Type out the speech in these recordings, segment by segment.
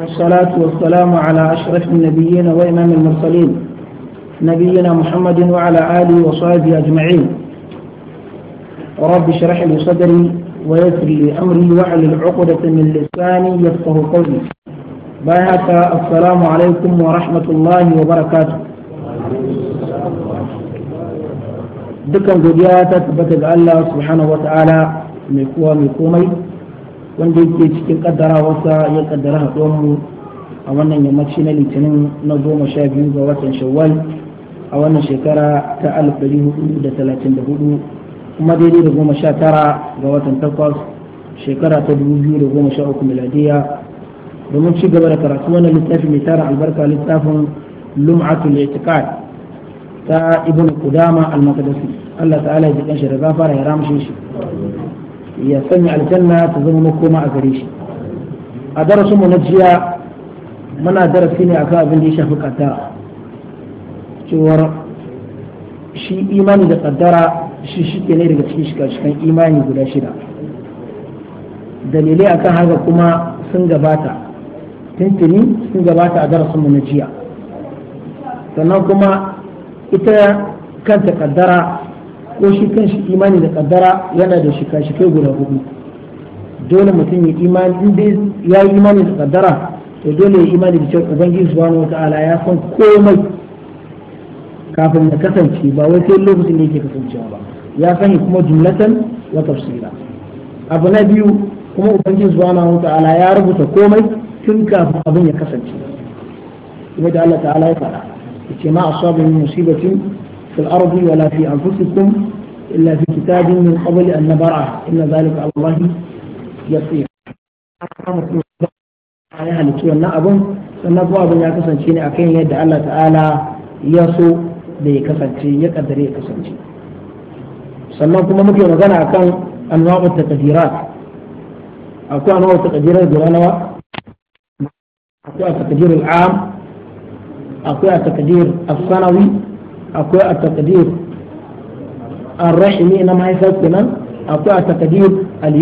والصلاة والسلام على أشرف النبيين وإمام المرسلين نبينا محمد وعلى آله وصحبه أجمعين رب اشرح لي صدري ويسر لي أمري واحلل عقدة من لساني يفقه قولي باهك السلام عليكم ورحمة الله وبركاته دكا godiya ta الله سبحانه وتعالى mai kowa mai komai wanda yake cikin kaddara wasa ya kaddara haɗuwar a wannan yammaci na litinin na goma sha biyu ga watan shawwal a wannan shekara ta alif ɗari hudu da talatin da hudu kuma daidai da goma sha tara ga watan takwas shekara ta dubu biyu da goma sha uku miladiya domin ci gaba da karatu wannan littafi mai tara albarka littafin lum'atul itiqad ta ibn qudama al-maqdisi Allah ta'ala ya ji kanshi da gafara ya ramshe shi ya sanya aljanna ta zama makoma a gare shi a darasin mu na jiya muna darasi ne akan abin da ya shafi kaddara cewar shi imani da kaddara shi shike ne daga cikin shika imani guda shida dalilai akan haka kuma sun gabata tuntuni sun gabata a darasin mu na jiya sannan kuma ita kanta kaddara ko shi kan shi imani da kaddara yana da shi kai guda hudu dole mutum ya imani in dai ya yi imani da kaddara to dole ya imani da cewa ubangiji subhanahu wataala ya san komai kafin ya kasance ba wai sai lokacin da yake kasancewa ba ya sani kuma jumlatan wa tafsira abu na biyu kuma ubangiji subhanahu wataala ya rubuta komai tun kafin abin ya kasance kuma da Allah ta'ala ya fara yace ma asabu min musibatin في الأرض ولا في أنفسكم إلا في كتاب من قبل أن إن ذلك على الله ya halittu wannan sannan kuma abin ya kasance ne akan yadda Allah ta'ala ya so da ya kasance ya kaddare ya kasance sannan kuma muke magana akan anwa'u taqdirat akwai anwa'u taqdirat da nawa akwai taqdir al akwai taqdir as-sanawi akwai a takadir ar-rahimi na mahaifa kenan akwai a taqdir al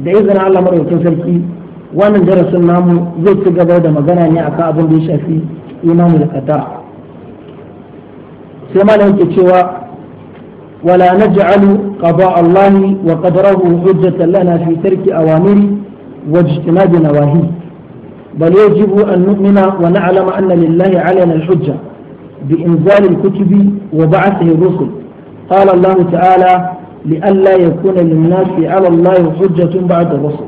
da izinin Allah madaukakin sarki wannan darasin namu zai ci gaba da magana ne akan abin da ya shafi imanu da qada sai malam yake cewa ولا نجعل قضاء الله وقدره حجة لنا في ترك أوامره واجتناب نواهيه بل يجب أن نؤمن ونعلم أن لله علينا الحجة بإنزال الكتب وبعثه الرسل قال الله تعالى لئلا يكون للناس على الله حجة بعد الرسل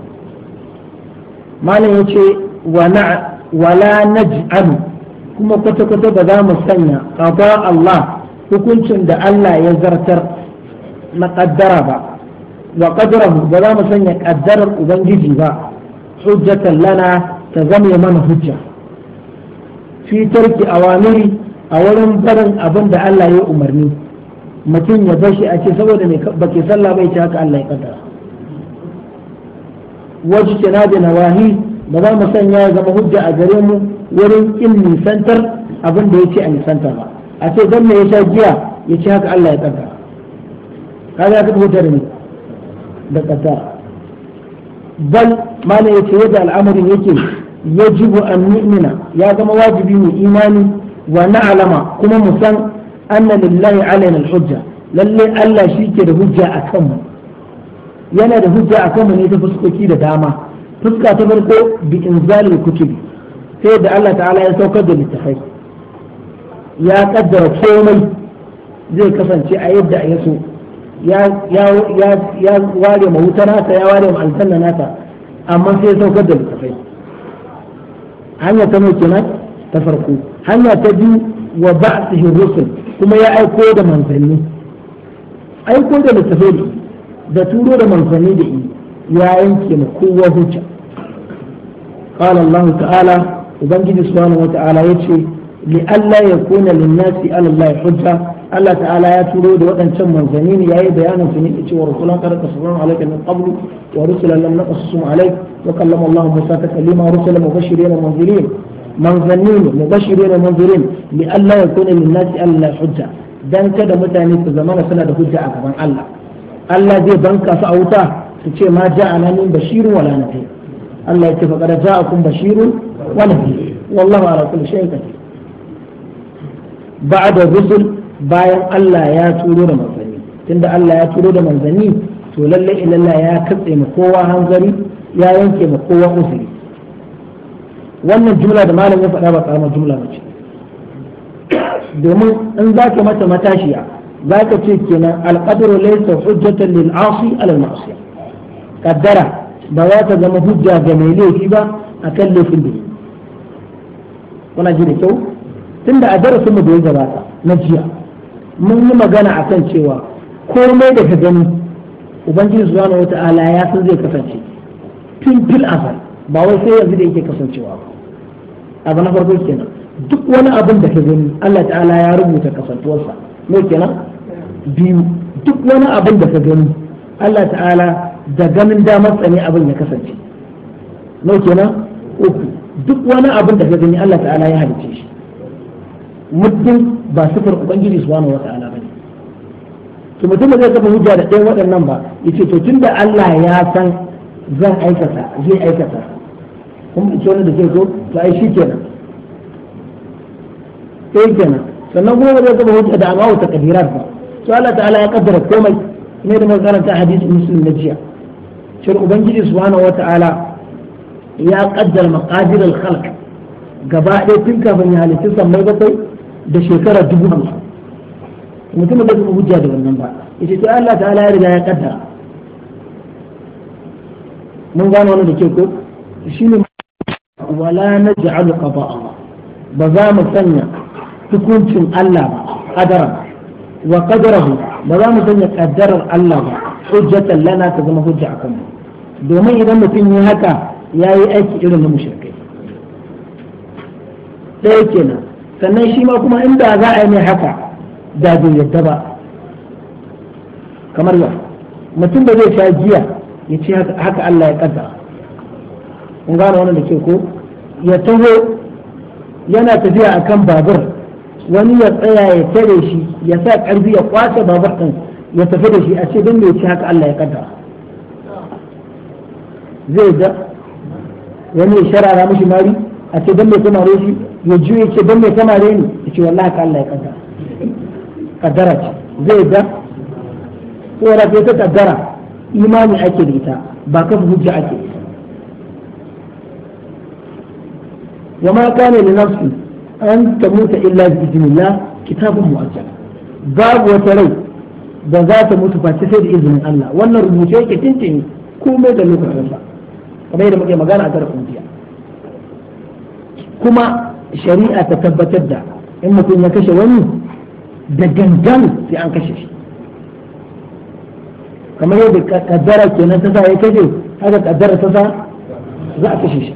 ما نيجي ونع ولا نجعل كما كتب كتب ذا مستنى قضاء الله hukuncin da Allah ya zartar na ƙaddara ba wa ƙaddarahu ba za mu sanya ƙaddarar ubangiji ba hujjatan lana ta zama mana hujja fi tarki awamiri a wurin barin abin da Allah ya umarni mutum ya bashi a ce saboda mai baki sallah bai ce haka Allah ya kaddara wajen kina da nawahi ba za mu sanya ya zama hujja a gare mu wurin in nisantar abin da ya ce a nisantar ba a ce don me ya sha giya ya ce haka Allah ya kaddara ka ya ne da kaddara bal malam ya ce yadda al'amarin yake yajibu an mu'mina ya zama wajibi mai imani wa alama kuma mu san anna lillahi alaina al-hujja lalle Allah shi ke da hujja a kanmu yana da hujja a kanmu ne ta fuskoki da dama fuska ta farko bi inzalil kutubi sai da Allah ta'ala ya saukar da littafai ya kaddara komai zai kasance a yadda ya so ya ware ma nata ya ware ma amma sai ya saukar da littafai hanyar ta kenan ta farko hanya ta biyu wa ba'thihi rusul kuma ya aiko da manzanni aiko da littafai da turo da manzanni da yi ya yanke ma kowa hujja qala ta'ala ubangiji subhanahu wa ta'ala yace li alla yakuna lin nasi ala hujja Allah ta'ala ya turo da waɗancan manzanni ne yayi bayanin su cewar da cewa rasulan qad qasamu alayka min qablu wa rusulan lam naqsusum alayk wa kallama Allah Musa taklima rusulan mubashirin wa munzirin manzannin mubashirin munzirin li Allah ya kuna lin nasi Allah hujja dan kada mutane su zama zamana suna da hujja a gaban Allah Allah zai banka su a wuta su ce ma ja'ana min bashirun wala nafi Allah ya ce fa kada ja'akum bashirun wa nafi wallahu ala kulli shay'in qadir ba'da rusul bayan Allah ya turo da manzanni tunda Allah ya turo da manzanni to lalle ilallah ya katse ma kowa hanzari ya yanke ma kowa usuri wannan jumla da malam ya faɗa ba karamar jumla ba ce domin in za ka mata matashiya za ka ce kenan alƙadar laisa hujjatan lil asi alal ma'asiya kaddara ba za ta zama hujja ga mai laifi ba akan laifin da yi kuna ji da kyau tunda a darasin mu da ya gabata na jiya mun yi magana kan cewa komai da ka gani ubangiji subhanahu wata'ala ya san zai kasance tun fil azal ba wai sai yanzu da yake kasancewa ba abu na farko kenan duk wani abin da ka gani Allah ta'ala ya rubuta kasantuwarsa me kenan biyu duk wani abin da ka gani Allah ta'ala da ganin damar tsane abin ya kasance no kenan uku duk wani abin da ka gani Allah ta'ala ya halice shi muddin ba sifar ubangiji subhanahu wa ta'ala bane to mutum ba zai kafa hujja da ɗayan waɗannan ba yace to tunda Allah ya san zan aikata zai aikata kun fice wani da ke ko ta ai shi kenan sai kenan sannan kuma ba zai gaba hujja da amawu ta kabirar ba to Allah ta'ala ya kaddara komai ne da ta hadisi muslim na jiya cewa ubangiji subhanahu wata'ala ya kaddara maqadir al-khalq gaba ɗaya tun kafin ya halitta sammai bakwai da shekara dubu hamsin mutum da kuma hujja da wannan ba ita ce Allah ta'ala ya riga ya kaddara mun gano wani da ke ko shi ne wala naj'alu qada'ahu ba za mu sanya hukuncin Allah ba qadara wa qadarahu ba za mu sanya qaddarar Allah ba hujjatan lana ta zama hujja akan mu domin idan mutum yi haka yayi aiki irin na mushrikai ɗaya kenan sannan shi ma kuma inda za a yi mai haka da bai yadda ba kamar yau mutum ba zai sha jiya ya ce haka Allah ya kaddara kun gane wannan da ke ko ya taho yana tafiya akan babur wani ya tsaya ya tare shi ya sa ƙarfi ya kwace babur ɗin ya tafi da shi a ce don mai ci haka Allah ya kaddara zai ga wani ya sharara mashi mari a ce don mai samare shi ya ji ya ce don mai samare ni ya ce wallahi haka Allah ya kaddara kaddara ce zai ga rafi ta kaddara imani ake da ita ba kafa hujja ake da ita وما كان لنفس أن تموت إلا بإذن الله كتاب مؤجل باب وتري da za ta mutu ba ta sai da izinin Allah wannan rubuce yake tintini komai da lokacin sa kamar yadda muke magana a tarafin jiya kuma shari'a ta tabbatar da in mutum ya kashe wani da gangan sai an kashe shi kamar yadda kaddara kenan ta sa ya kashe haka kaddara ta sa za a kashe shi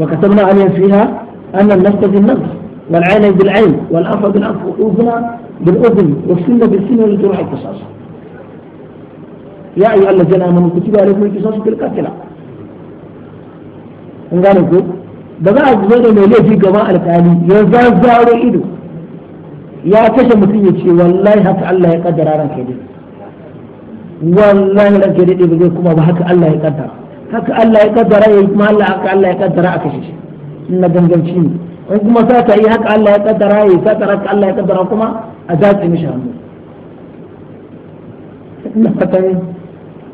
وكتبنا عليهم فيها أن النفس بالنفس والعين بالعين والأف بالأف والأذن بالأذن والسن بالسن والجروح القصاص يا أيها الذين آمنوا كتب عليكم القصاص بالقتلى an gane ko da za a zo da mai laifi gaba alkali ya zazzaro ido ya kashe mutum ya ce wallahi haka Allah ya kaddara ranka dai wallahi ranka dai ba zai kuma ba haka Allah ya kaddara haka Allah ya kaddara ya yi kuma Allah haka Allah ya kaddara aka shi in na ganganci ne in kuma sata yi haka Allah ya kaddara ya yi sata haka Allah ya kaddara kuma a za yi mishi hannu ina fatan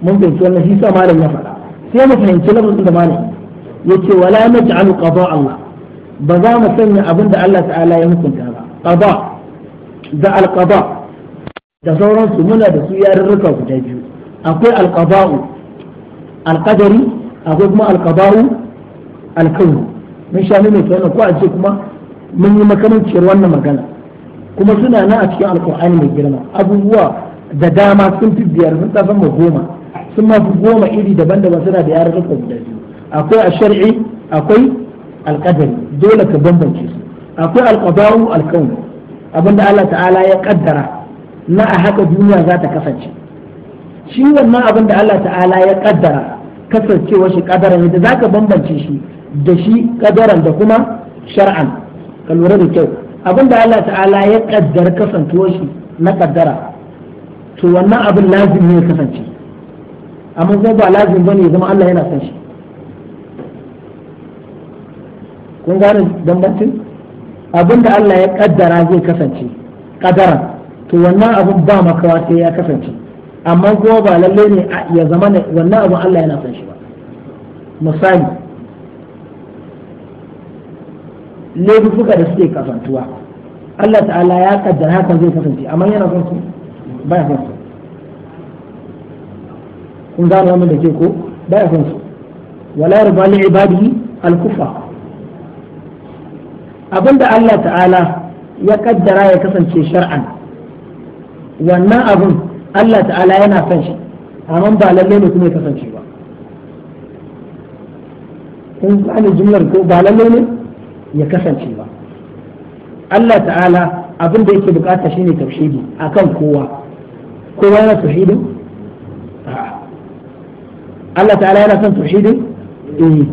mun fahimci wannan shi sa malam ya faɗa sai mu fahimci lafazin da malam ya ce wala naj'alu qada Allah ba za mu sanya abin da Allah ta'ala ya hukunta ba qada da alqada da sauransu muna da su yarurruka guda biyu akwai alqada'u alƙadari akwai kuma alƙabaru alkauni mun sha mai wannan ko a ce kuma mun yi makamanciyar wannan magana kuma suna nan a cikin alƙur'ani mai girma abubuwa da dama sun fi biyar sun tafi mu goma sun ma fi goma iri daban-daban suna da yara suka guda biyu akwai a shar'i akwai alƙadari dole ka bambance su akwai alƙabaru alkauni abinda Allah ta'ala ya kaddara na a haka duniya za ta kasance shi wannan abin da Allah ta'ala ya kaddara kasancewa shi kadaran da zaka bambance shi da shi kadaran da kuma shar'an ka lura da kyau abin da Allah ta'ala ya kaddara kasancewa shi na kaddara to wannan abin lazim ne ya kasance amma kuma ba lazim bane ya zama Allah yana son shi kun gane bambancin abin da Allah ya kaddara zai kasance kadara to wannan abin ba makawa sai ya kasance amma kuma ba lallai ne ya zama ne wannan abin Allah yana son shi ba misali laifuka da suke kasantuwa Allah ta'ala ya kaddara hakan zai kasance amma yana son su ba ya son su kun gano wannan da ke ko ba ya son su wala yarda li al-kufa abinda Allah ta'ala ya kaddara ya kasance shar'an wannan abun Allah ta'ala yana son shi amma ba lalle ne kuma ya kasance ba kun gane jumlar ko ba lalle ne ya kasance ba Allah ta'ala abin da yake bukata shine tauhidi akan kowa kowa yana tauhidin Allah ta'ala yana son tauhidin eh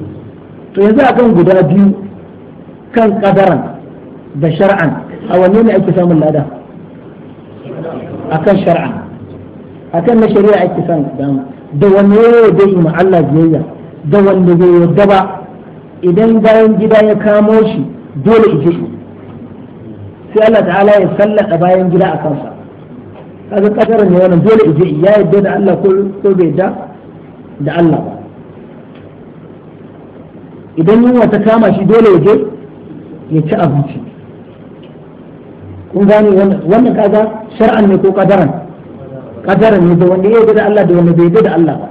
to yanzu akan guda biyu kan kadaran da shar'an a wanne ne ake samun lada akan shar'an akan na shari'a ake son dama da wanne ya yarda yi ma Allah biyayya da wanda bai yarda ba idan bayan gida ya kamo shi dole ije sai Allah ta'ala ya sallata bayan gida a kansa kaga kasarar ne wannan dole ije ya yarda da Allah ko bai da da Allah ba idan yunwa ta kama shi dole ya je ya ci abinci kun gane wannan kaga shar'an ne ko kadaran kadara ne da wanda ya da Allah da wanda bai da Allah ba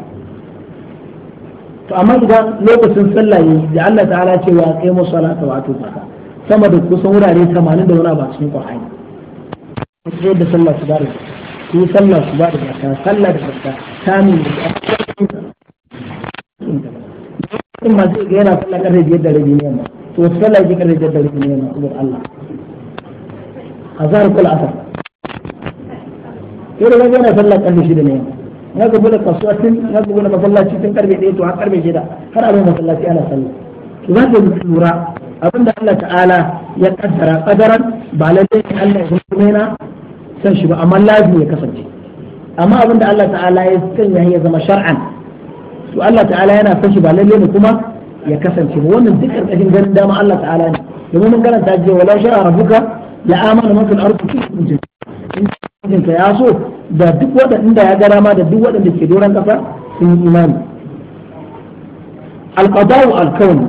to amma idan lokacin sallah yayi da Allah ta'ala ce wa qimu salata wa atu zakata sama da kusan wurare 80 da wani ba cikin Qur'ani sai da sallah su ba da yi sallah su ba da zakata sallah da zakata tani da in ma zai ga yana sallah karfe biyar da rabi ne ma to sallah ji karfe biyar da rabi ne ma Allah azhar kul asar sai da yana sallah karfe shida ne na ga bude kasuwa tun na ga bude masallaci tun karfe ɗaya to har karfe shida har abin masallaci ana sallah to za ka lura abinda Allah ta'ala ya kaddara kadaran ba lalle Allah ya kuma yana san shi ba amma lazimi ya kasance amma da Allah ta'ala ya sanya ya zama shar'an to Allah ta'ala yana san shi ba lalle ne kuma ya kasance ba wannan duk karkashin ganin dama Allah ta'ala ne domin mun gana karanta jiya wala sha'a rabbuka la amana man fil ardi kullu ka ya so da duk waɗanda ya ga dama da duk waɗanda ke doron ƙasa sun yi imani alqada'u alkauni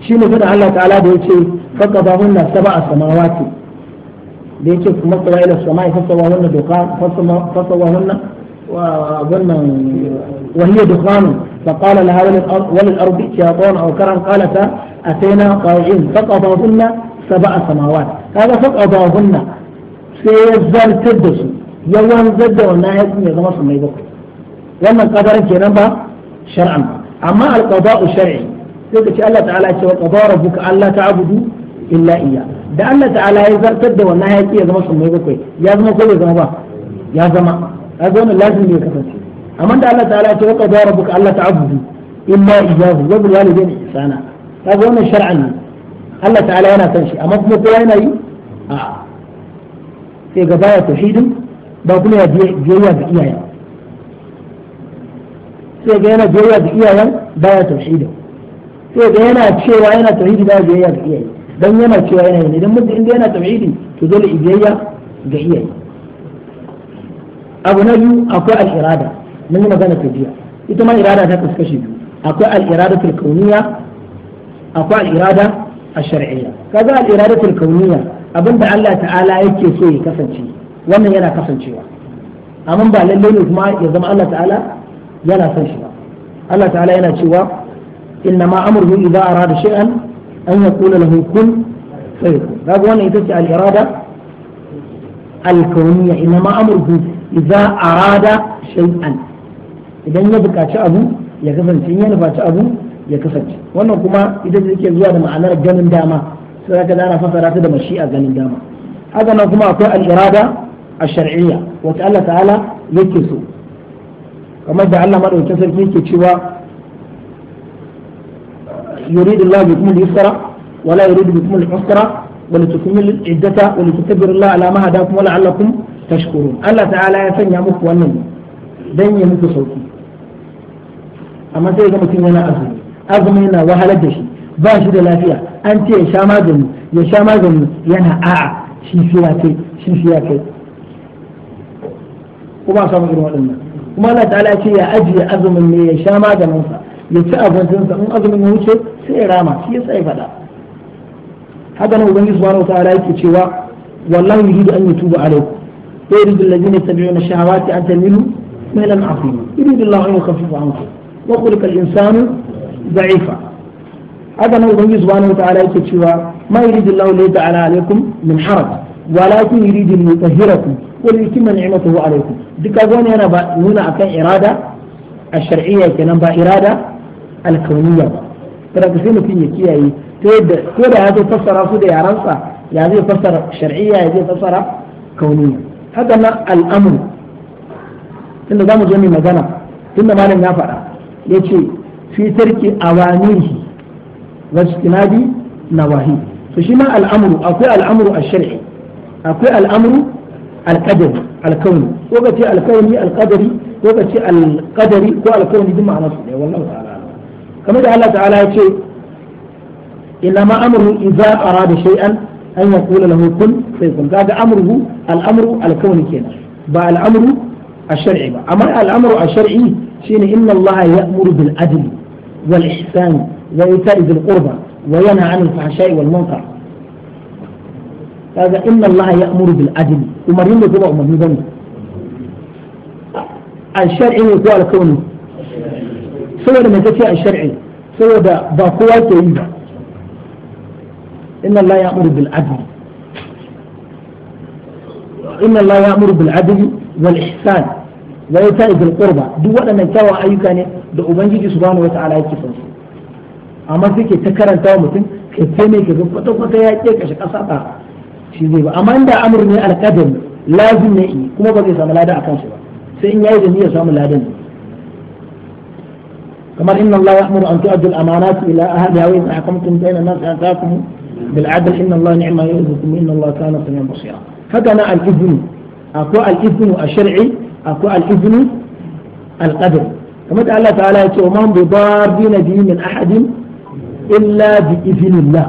shine fada Allah ta'ala da yace faqadahunna sab'a samawati da yake kuma tsawa ila samai fasawa wannan doka fasawa wannan wannan وهي دخان فقال لها وللأرض شيطان أو كرم قالتا أتينا طائعين فقضاهن سبع سماوات هذا فقضاهن sai ya zartar da su ya wanzar da wannan haƙƙin ya zama mai bakwai wannan kadarin kenan ba shar'an amma alqada'u shar'i sai ka ce Allah ta'ala ce wa qada rabbuka alla ta'budu illa iyya da Allah ta'ala ya zartar da wannan haƙƙi ya zama mai bakwai ya zama ko bai zama ba ya zama ya zama lazimi ya kasance amma da Allah ta'ala ce wa qada rabbuka alla ta'budu illa iyyahu wa bil walidayni ihsana kaga wannan shar'an Allah ta'ala yana son shi amma kuma kowa yana yi a'a sai ga baya tauhidin ba kuma ya biyayya ga iyayen sai ga yana biyayya ga iyayen baya tauhidin sai ga yana cewa yana tauhidi baya biyayya ga iyaye dan yana cewa yana yana idan mutum inda yana tauhidi to dole biyayya ga iyaye abu na biyu akwai al-irada mun yi magana ta jiya ita ma irada ta kasu biyu akwai al-iradatul kauniyya akwai al-irada ash-shar'iyya kaga al-iradatul kauniyya abin da Allah ta'ala yake so ya kasance wannan yana kasancewa amma ba lallai ne kuma ya zama Allah ta'ala yana son shi ba Allah ta'ala yana cewa inna ma amruhu idza arada shay'an an yaqula lahu kun fayakun kaga wannan ita ce al-irada al-kawniyya inna ma amruhu idza arada shay'an idan ya buƙaci abu ya kasance in ya nufaci abu ya kasance wannan kuma ita ce zuwa da ma'anar ganin dama to ya kaza ana fasara ta da mashi'a ganin dama haka nan kuma akwai al-irada ash-shar'iyya wata Allah ta'ala yake so kamar da Allah madaukakin sarki yake cewa yuridu Allah bikum al-yusra wa la yuridu bikum al-usra wa litukmilu al-iddata wa litukabbiru Allah ala ma hadakum wa la'allakum tashkurun Allah ta'ala ya sanya muku wannan dan ya muku sauki amma sai ga mutum yana azumi azumi yana wahalar da shi ba shi da lafiya an ce ya sha magani ya sha magani yana a'a shi ya kai shi ya kai kuma samu irin waɗannan kuma Allah ta'ala ce ya ajiye azumin ne ya sha maganin sa ya ci abincinsa in azumin ya wuce sai ya rama shi ya sai faɗa haka nan ubangiji subhanahu ta'ala yake cewa wallahi yuridu an yatuba alaikum wa yuridu alladhina yattabi'una shahawati an tamilu ميلا عظيما يريد الله أن يخفف عنكم وخلق الإنسان ضعيفا haka nan ubangiji subhanahu ta'ala yake cewa ma yuridillahu li ta'ala alaikum min haraj walakin yuridu an yutahhirakum wa yutimma ni'matahu alaikum duka gwani yana ba nuna akan irada ash-shar'iyya kenan ba irada al-kauniyya ba kada ka sai mutum ya kiyaye ta yadda ko da ya zo fassara su da yaransa ya zai fassara shar'iyya ya zai fassara kauniyya haka nan al'amru tunda zamu zo mu magana tunda malam ya faɗa ce fi tarki awamirihi wajtinabi nawahi to shi ma al'amru akwai al'amru ash-shar'i akwai al'amru al-qadari ko ka ce al-kawni ko ka ce al-qadari ko al-kawni duk ma'anar su ne wallahi ta'ala kamar da Allah ta'ala ya ce ina ma amru idza arada shay'an an yaqula lahu kun fayakun kaga ba al-amru ash ba amma al a shari shine inna ya'muru bil adli wal ihsani وإيتاء ذي القربى وينهى عن الفحشاء والمنكر هذا إن الله يأمر بالعدل أمرين كما أمرني بني الشرعي هو الكوني سوى لما تتي الشرعي سوى باقوة كيبة إن الله يأمر بالعدل إن الله يأمر بالعدل والإحسان وإيتاء ذي القربى دو وأنا كوا أيكاني ne سبحانه وتعالى يكفر amma sai ke ta karanta wa mutum ke ce mai ka ga kwata-kwata ya ke kashe ƙasa ba shi zai ba amma inda amur ne alƙadari lazim ne yi kuma ba zai samu lada a kansu ba sai in yayi da niyyar samu ladan kamar inna Allah ya amuru an tu'addu al-amanatu ila ahliha wa idha hakamtum bayna an-nasi an tahkumu bil 'adl inna Allah ni'ma yu'izzukum inna Allah kana samian basira haka na al-ibn akwai al-ibn ash-shar'i akwai al-ibn al-qadr kamar da Allah ta'ala ya ce wa man bi darbina bi min ahadin illa bi izinillah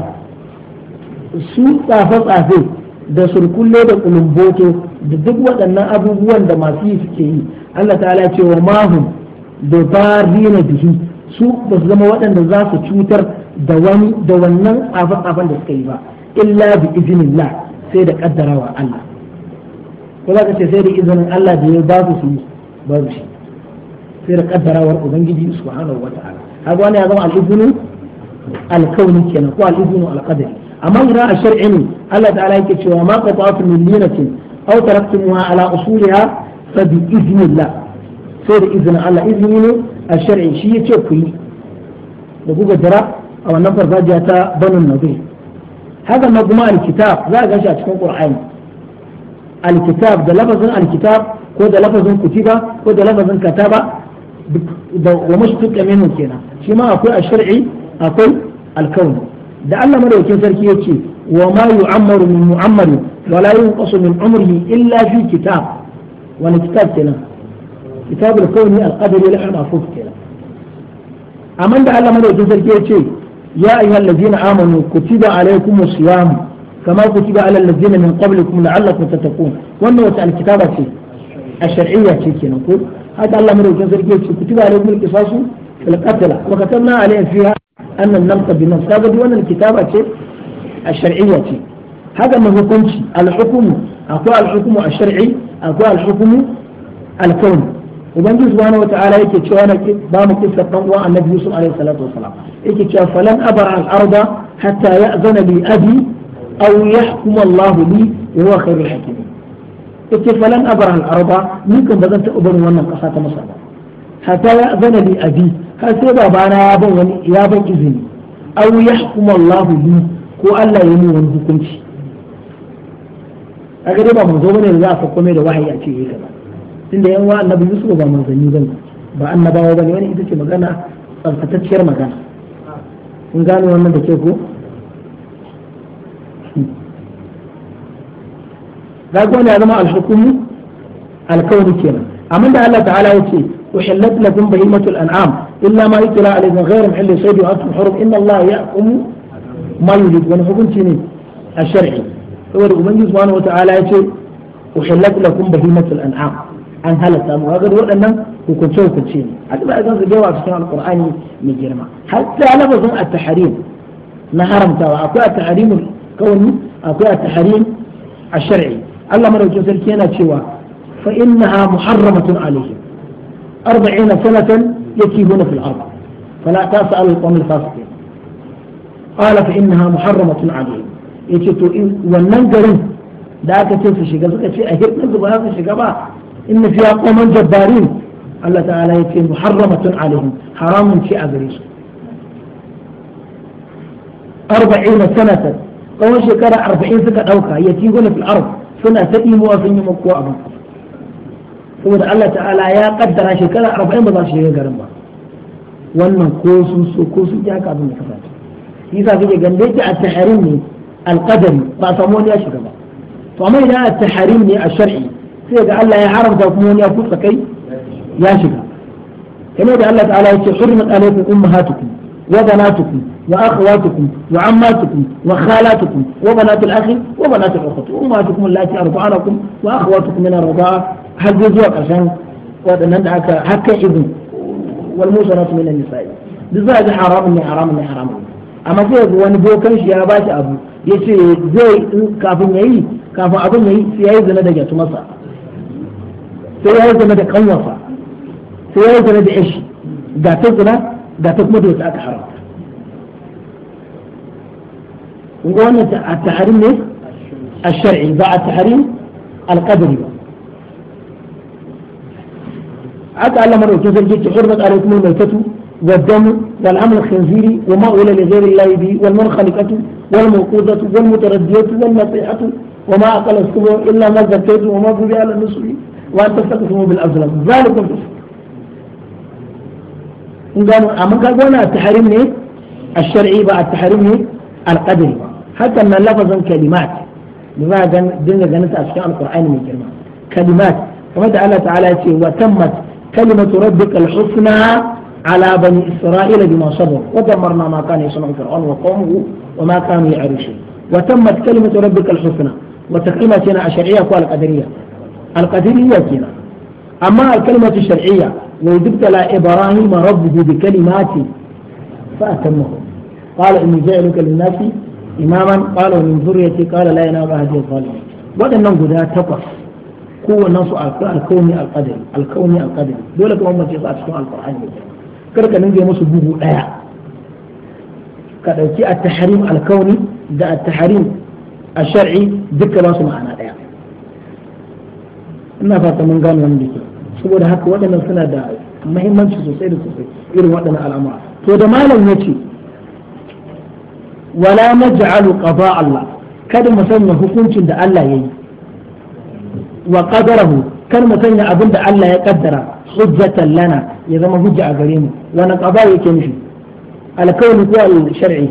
su tsafe-tsafe da surkulle da kulumboto da duk waɗannan abubuwan da masu yi suke yi Allah ta'ala ce wa mahum da barina bihi su ba su zama waɗanda za su cutar da wani da wannan tsafe-tsafen da suka yi ba illa bi izinillah sai da kaddarawa Allah ko za ka ce sai da izinin Allah da ya ba su su ba su shi sai da kaddarawar ubangiji subhanahu wata'ala haka wani ya zama al alkauni kenan ko al'izinu alqadari amma idan a shar'i ne Allah ta'ala yake cewa ma qata'tu min linatin aw taraktumuha ala usuliha fa bi sai da izinin Allah izini ne a shar'i shi yace ku yi da kuka a wannan farfajiya ta banin nabi haka ma kuma alkitab za a ganshi a cikin qur'ani alkitab da lafazin alkitab ko da lafazin kutiba ko da lafazin kataba da wa mashtuqa minhu kenan shi ma akwai a shar'i akwai alkaun da Allah madaukakin sarki ya ce wa ma yu'ammaru min mu'ammari wa la yunqasu min umrihi illa fi kitab wani kitab kenan kitabul kauni al-qadari al mahfuz kenan amma da Allah madaukakin sarki ya ce ya ayyuhal ladzina amanu kutiba alaykumus siyam kama kutiba alal ladzina min qablikum la'allakum tattaqun wannan wata alkitaba ce ce kenan الشرعية شيء نقول هذا الله مرة كان سرقية كتب عليهم القصاص في القتلى وكتبنا عليهم فيها annan namta bi nafs kaga wannan kitaba ce a shar'iyya ce na hukunci al-hukmu a al-hukmu ash-shar'i akwai al-hukmu al-kawn ubangiji subhanahu wataala yake cewa na ba mu kissa dan uwan annabi yusuf alaihi salatu wasalam yake cewa falan abara al-arda hatta ya'zana li abi aw yahkuma Allah li wa huwa khairul hakimin yake al wannan ƙasa ta masa hatta ya zana li abi har sai babana ya ban wani ya ban izini aw yahkum Allahu li ko Allah ya yi wani hukunci kaga dai ba zo bane da za a sako mai da wahayi a ce yayi gaba tunda yan wa annabi Yusuf ba manzanni bane ba annabawa bane wani ita ce magana tsarkatacciyar magana kun gano wannan da ke ko ga wani ya zama alhukumu alkauni kenan amma da Allah ta'ala yace uhillat lakum bahimatul an'am illa ma yutla alaykum ghayra muhilli sayd wa antum hurum inna Allah yahkumu ma yurid wani hukunci ne a shar'i saboda ubangiji subhanahu wa ta'ala yace uhillat lakum bahimatul an'am an halatta mu kaga waɗannan hukunce hukunce ne a duk da gansu yawa cikin alqur'ani mai girma hatta lafazin a tahrim na haramtawa akwai at-tahrim kawai akwai at-tahrim a shar'i Allah sarki yana cewa فإنها محرمة عليهم أربعين سنة يكيبون في الأرض فلا تسأل القوم الفاسقين قال فإنها محرمة عليهم يتيتو wannan garin da aka ce su shiga suka ce a hirɗin su ba su shiga ba inna fiya qauman jabbarin Allah ta'ala ya ce muharramatun alaihim haramun ce a gare su 40 sanatan tsawon shekara 40 suka dauka yatihuna suna ta dimuwa yi makuwa saboda Allah ta'ala ya kaddara shekara arba'in ba za su shiga garin ba wannan ko sun so ko sun ji haka abin da ka fata yasa kake ganin da yake a taharim ne al alqadari ba a samu wani ya shiga ba to amma idan a taharim ne a shar'i sai ga Allah ya haramta kuma wani ya kutsa kai ya shiga kamar da Allah ta'ala ya ce hurmat alaikum ummahatukum وبناتكم واخواتكم وعماتكم وخالاتكم وبنات الاخ وبنات الاخت وامهاتكم اللاتي ارضعنكم واخواتكم من الرضاعه هل بيزوا عشان وأن ندعك حتى ابن والموسرات من النساء بيزوا هذا حرام من حرام من حرام أما في هو نبيه كنش يا باش أبو يشي زي كافن يعي كافن أبو يعي في أي زمن دجا تمسا في أي زمن دجا قوصا في أي زمن دعيش دعتكنا دعتك مدوة أك حرام وانا التحريم الشرعي بعد التحريم القدري haka على مرة sarki ce hurmat alaikum al والدم والعمل الخنزيري وما أولى لغير الله به والمنخلقة والموقوذة والمتردية والنصيحة وما أقل السبوع إلا ما زكيت وما بني على النصر وأن تستقسموا بالأظلم ذلك الفسق إن قالوا أما قالوا أنا التحريم إيه؟ الشرعي بقى التحريم إيه؟ القدري حتى أن لفظا كلمات لماذا دين جنة أشكال القرآن من كلمات كلمات كما تعالى تعالى وتمت كلمة ربك الحسنى على بني إسرائيل بما صبر ودمرنا ما كان يصنع فرعون وقومه وما كانوا يعرشون وتمت كلمة ربك الحسنى هنا الشرعية والقدرية القدرية هنا أما الكلمة الشرعية وإذ ابتلى إبراهيم ربه بكلمات فأتمه قال إني جعلك للناس إماما قال ومن ذريتي قال لا ينام هذه الظالمين waɗannan guda takwas kowannen su alkauni alkadari alkauni alkadari dole ka bambance su a cikin alkur'ani kar ka ninge musu bugu daya ka dauki a tahrim alkauni da a tahrim a shari duka ba su ma'ana daya ina fata mun gano wannan dake saboda haka waɗannan suna da muhimmanci sosai da sosai irin waɗannan al'amura to da malam yace wala naj'alu qada Allah kada mu sanya hukuncin da Allah yayi wa qadarahu kar mu sanya abin da Allah ya kaddara hujjatan lana ya zama hujja a gare mu wani qada yake nufi alkauni ko al-shar'i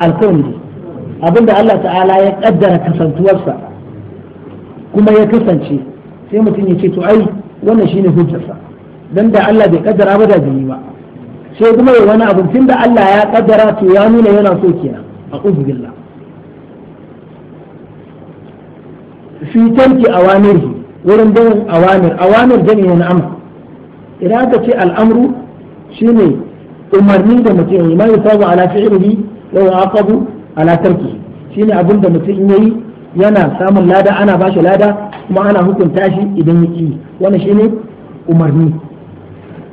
alkauni abin da Allah ta'ala ya kaddara kasantuwarsa kuma ya kasance sai mutum ya ce to ai wannan shine hujjarsa dan da Allah bai kaddara ba da bai ba sai kuma ya wani abin da Allah ya kaddara to ya nuna yana so kenan a'udhu billah fi awanir, awamirihi wurin bin awamir awamir jami'in na amr idan aka ce al'amru shine umarni da mutum yi ma yusabu ala fi'lihi wa yu'aqabu ala tarki shine abin da mutum yayi yana samun lada ana bashi lada kuma ana hukunta shi idan ya ki wani shine umarni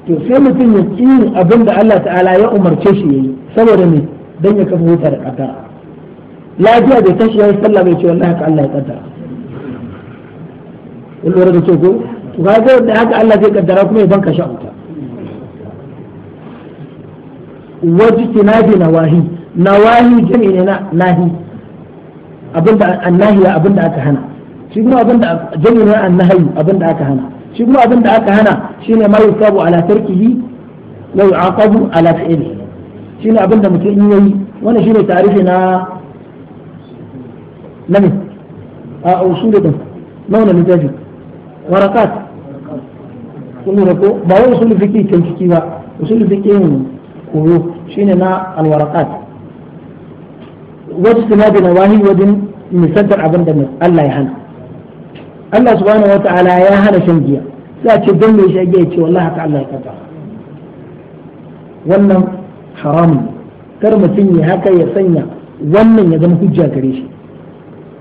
to sai mutum ya ki abin da Allah ta'ala ya umarce shi yayi saboda me dan ya kafa wuta da kaddara lafiya bai tashi yayi sallah bai ce wallahi ka Allah ya kaddara in lura da ke ko to ga da haka Allah zai kaddara kuma ya banka shi ta wuta wajtinabi nawahi nawahi jami'i ne na nahi abinda annahi abinda aka hana shi kuma abinda jami'i ne annahi abinda aka hana shi kuma abinda aka hana shine ma yusabu ala tarkihi wa yu'aqabu ala fi'li shine abinda mutum in yayi wannan shine tarihi na na ne a usulun nawa na littafi warakat kullu da ko ba wai usul fiqi kan ciki ba usul fiqi ne koyo shine na alwarakat wajen wani na wahi wajen misantar abin da Allah ya hana Allah subhanahu wa ta'ala ya hana shan giya sai ce don me shi ya ce wallahi haka Allah ya kafa wannan haramun kar mutum ya haka ya sanya wannan ya zama hujja gare shi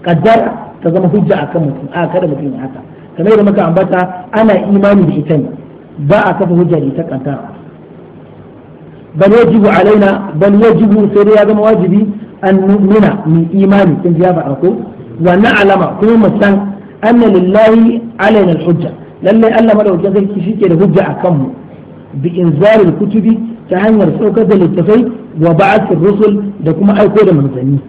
kaddara ta zama hujja akan mutum a kada mutum ya haka kamar da muka ambata ana imani da ita ne ba a kafa hujja da ita kanta bal yajibu alaina bal yajibu sai dai ya zama wajibi an nuna mu imani kin ya ba ko wa na'lama kuma mu anna lillahi alaina al-hujja lalle Allah madaukakin sarki shike da hujja akan mu bi inzalil kutubi ta hanyar saukar da littafai wa ba'ath rusul da kuma aiko da manzanni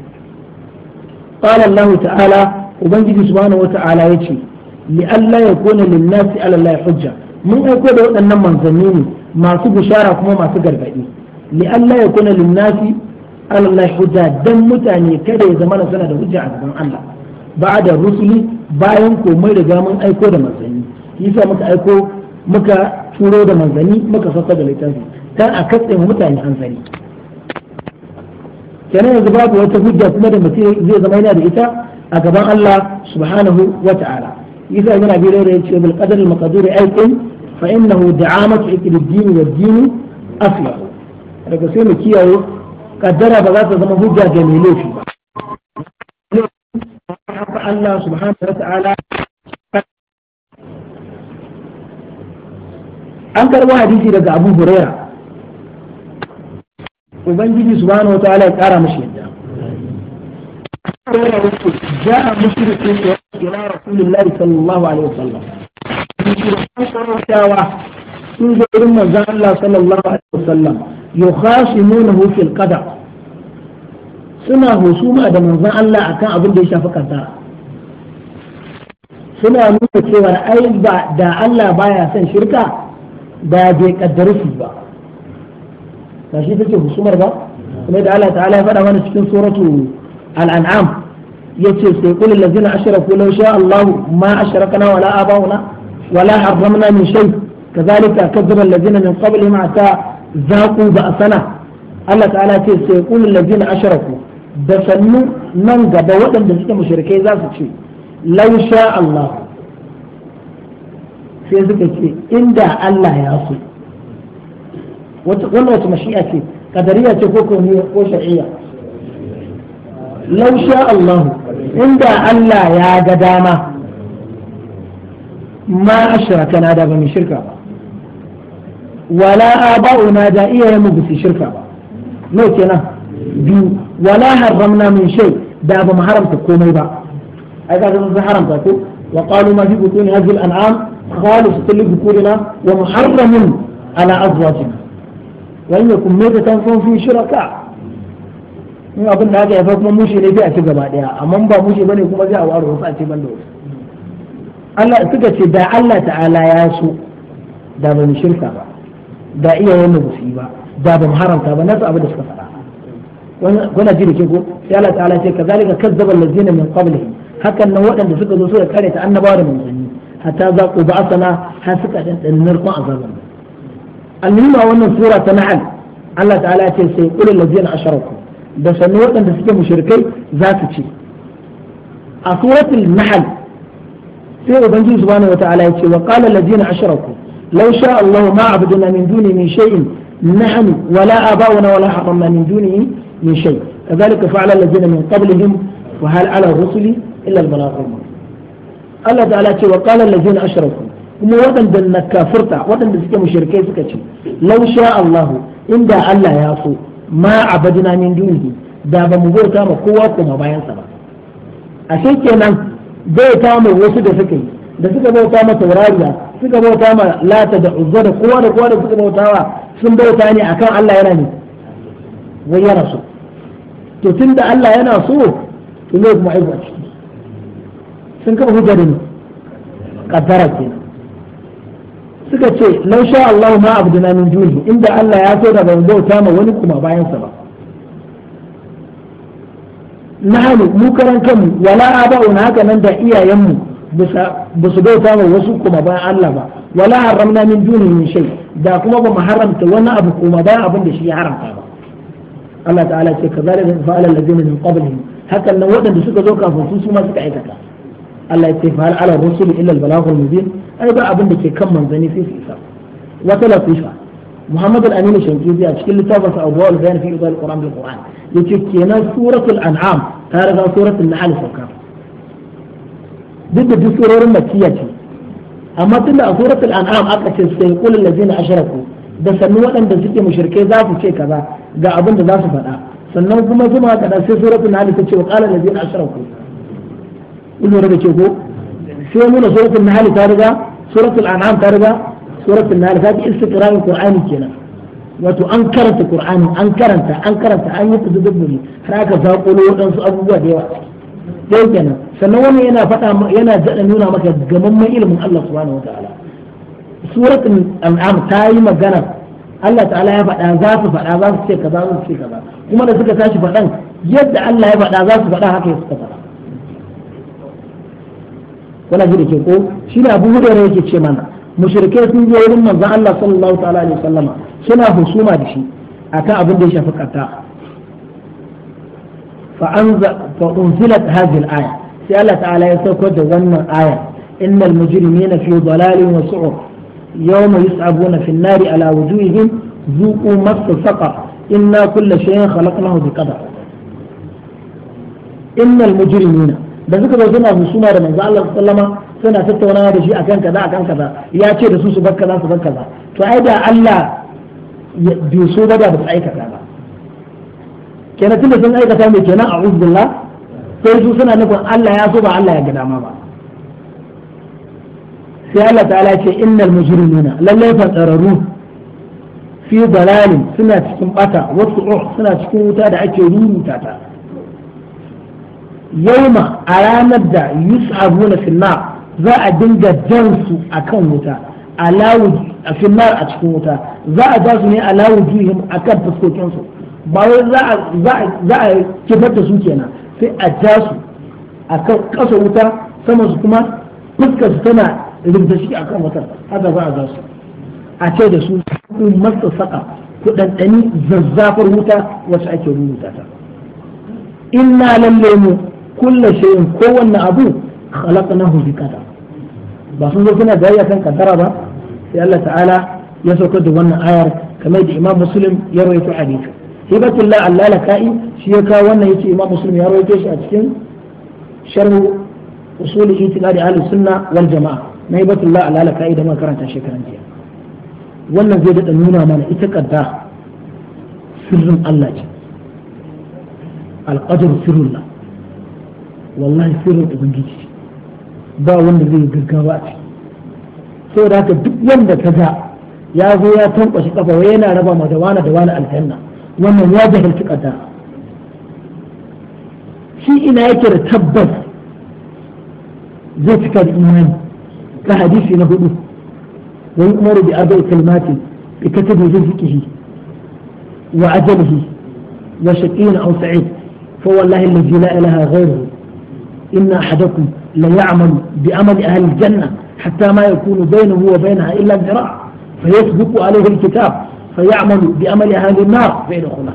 qala Allah ta'ala ubangiji subhanahu wa ta'ala yace Allah ya kone linnasi ala Allah hujja mun aiko da waɗannan manzanni ne masu bishara kuma masu gargaɗi Allah ya kone linnasi ala Allah hujja dan mutane kada ya zama na sana da hujja a gaban Allah ba da rusuli bayan ko mun riga mun aiko da manzanni yasa muka aiko muka turo da manzanni muka sassa da littafi kan a katse mutane hanzari kenan yanzu babu wata hujja kuma da mutum zai zama yana da ita a gaban Allah subhanahu wa ta'ala يسأل ابن أبي هريرة بالقدر المقدور أيكم فإنه دعامة إكل الدين والدين أصله daga sai mu kiyaye kaddara ba za ta zama hujja da mai laifi ba haka Allah subhanahu wa ta'ala an karbo hadisi daga Abu Huraira Ubangiji subhanahu wa ta'ala ya kara mashi yadda جاء مشرك إلى رسول الله صلى الله عليه وسلم sun zo irin manzan Allah sallallahu alaihi wasallam suna husuma da manzan Allah akan abin da ya shafi suna nuna cewa ai ba da Allah baya son shirka da bai kaddara su ba ba shi take husumar ba kuma da Allah ta'ala ya faɗa mana cikin suratu al'an'am ya ce sai kuli lazina ashraku law sha Allahu ma ashrakna wala abauna wala harramna min shay kazalika kadzaba allazina min qablihim ata zaqu ba'sana Allah ta'ala ce sai kuli lazina ashraku da sannu nan gaba waɗanda suke mushrikai za su ce law sha sai suka inda Allah ya so wannan wata mashi'a ce kadariya ce ko ko shar'iyya lausha Allah inda Allah ya ga dama ma ashraka na da ba mu shirka ba wala aba'una da iyayen mu su shirka ba no kenan biyu wala haramna min shay da ba mu haramta komai ba ai ka san haramta ko wa qalu ma fi butun hadhihi al-an'am khalisatan li dhukurina wa muharramun ala azwajina wa in yakum maytatan fa fi shuraka' in abin da aka yafa kuma mushe ne sai a ci gaba daya amma ba mushe bane kuma zai a ware wasu a ce ban da wasu Allah suka ce da Allah ta'ala ya so da ba mu shirka ba da iyayen mu su yi ba da ba mu haramta ba nasu abin da suka faɗa kuna ji da ke ko sai Allah ta'ala ce kazalika kazzaba allazina min qablihim hakan nan waɗanda suka zo suka kare ta annabawa da manzanni hatta za ku ba asana har suka dan narkon azaban al wannan sura ta na'al Allah ta'ala ya ce sai qul allazina asharaku da sannu waɗanda suke mushrikai za su ci a suratul nahl sai ubangiji subhanahu wataala ya ce wa qala allazina ashraku law sha Allah ma abudna min duni min shay'in nahnu wala abauna wala haramna min duni min shay kadhalika fa'ala allazina min qablihim wa hal ala rusuli illa al balagh Allah ta'ala ce wa qala allazina kuma waɗanda na kafirta waɗanda suke mushrikai suka ce law sha inda Allah ya so ma abadina min dunihi da ba mu bauta ma kowa kuma bayansa ba A shi kenan bauta ma wasu da suka yi da suka bauta ma taurariya suka bauta ma lata da uzza da kowa da kowa da suka bauta wa sun bauta ne akan Allah yana ne wai yana so to tunda Allah yana so to ne kuma aiwa ciki sun kafa hujja da ni kaddara kenan suka ce lau sha Allah ma abduna min duni inda Allah ya so da ban bauta ma wani kuma bayan sa ba hannu mu karan kanmu wala aba'una haka nan da iyayenmu ba su bauta ma wasu kuma bayan Allah ba wala haramna min duni min shai da kuma ba mu haramta wani abu kuma bayan abin da shi ya haramta ba Allah ta'ala ce kazalika fa'ala allazina min qablihim hakan nan waɗanda suka zo kafin su su ma suka aikata Allah ya ce fa ala rusul illa al balagul mubin ai ba abin da ke kan manzanni sai su isa wata latifa Muhammad al-Amin Shankizi a cikin littafin sa Abu al-Bayan fi Ibal Qur'an bil Qur'an yace kenan suratul an'am ta riga suratul nahl sauka duk da duk surorin makkiya ce amma tunda a suratul an'am aka ce sai qul allazina ashraku da sannu waɗanda suke mushrikai za su ce kaza ga abin da za su faɗa sannan kuma zuma kaɗan sai suratul nahl ta ce wa qala allazina ashraku kun lura da ke ko sai nuna suratul nahl ta riga suratul an'am ta riga suratul nahl ta istiqra'ul qur'ani kenan wato an karanta qur'ani an karanta an karanta an yi tadabburi har aka zaƙulo waɗansu abubuwa da yawa dai kenan sannan wani yana faɗa yana jada nuna maka gamamman ilimin Allah subhanahu wataala suratul an'am ta yi magana Allah ta'ala ya faɗa za su faɗa za su ce kaza za su ce kaza kuma da suka tashi faɗan yadda Allah ya faɗa za su faɗa haka ya suka faɗa wala ji da ke ko shi ne abu hudura yake ce mana mushrikai sun je wurin manzon Allah sallallahu ta'ala alaihi wasallama suna husuma da shi akan abin da ya shafi kanta fa anza fa unzilat hadhihi al-aya sai Allah ta'ala ya saukar da wannan aya innal mujrimina fi dhalalin wa su'ur yawma yus'abuna fi an-nari ala wujuhihim zuqu massa saqa inna kulla shay'in khalaqnahu biqadar innal mujrimina da suka zo suna musuma da manzo Allah sallama suna tattaunawa da shi akan kaza akan kaza ya ce da su su bar kaza su bar kaza to ai da Allah bi so ba da su aikata ba kenan tunda sun aikata mai kenan a'udhu billah sai su suna nufin Allah ya so ba Allah ya ga dama ba sai Allah ta'ala ce innal mujrimina lallai fa tsararru fi dalalin suna cikin bata wasu suna cikin wuta da ake ruruta ta yauma a ranar da na finna za a dinga jan su kan wuta a finnar a cikin wuta za a ja su ne a wujuhim a kan fuskokinsu ba wai za a kifar da su kenan sai a ja su kan kasa wuta sama su kuma fuskar su tana rinta shi kan wutar haka za a ja su a ce da su masu saka ku ɗanɗani zazzafar wuta wasu ake rubuta ta inna lalle mu kullu shay'in kowanne abu khalaqnahu na qadar ba sun zo suna jayya kan kaddara ba sai Allah ta'ala ya saukar da wannan ayar kamar da Imam Muslim ya rawaito hadisi hibatullah Allah laka'i shi ya kawo wannan yace Imam Muslim ya rawaito shi a cikin sharh usul itikadi ahlus sunna wal jamaa na hibatullah Allah laka'i da muka karanta shekaran jiya wannan zai daɗa nuna mana ita kadda sirrin Allah wallahi sirrin ubangiji ba wanda zai gaggawa a ciki da haka duk wanda ka ga ya zo ya tankwashi kafa wai yana raba ma da wani da wani aljanna wannan ya jahilci kaddara shi ina yake da tabbas zai cika da imani ka hadisi na hudu wani umaru bi arba'i kalmatin bi zai rizqihi wa ajalihi wa shaqiyin aw sa'id fa wallahi alladhi la ilaha ghayruhu إن أحدكم ليعمل بعمل أهل الجنة حتى ما يكون بينه وبينها إلا ذراع فيسبق عليه الكتاب فيعمل بعمل أهل النار فيدخلها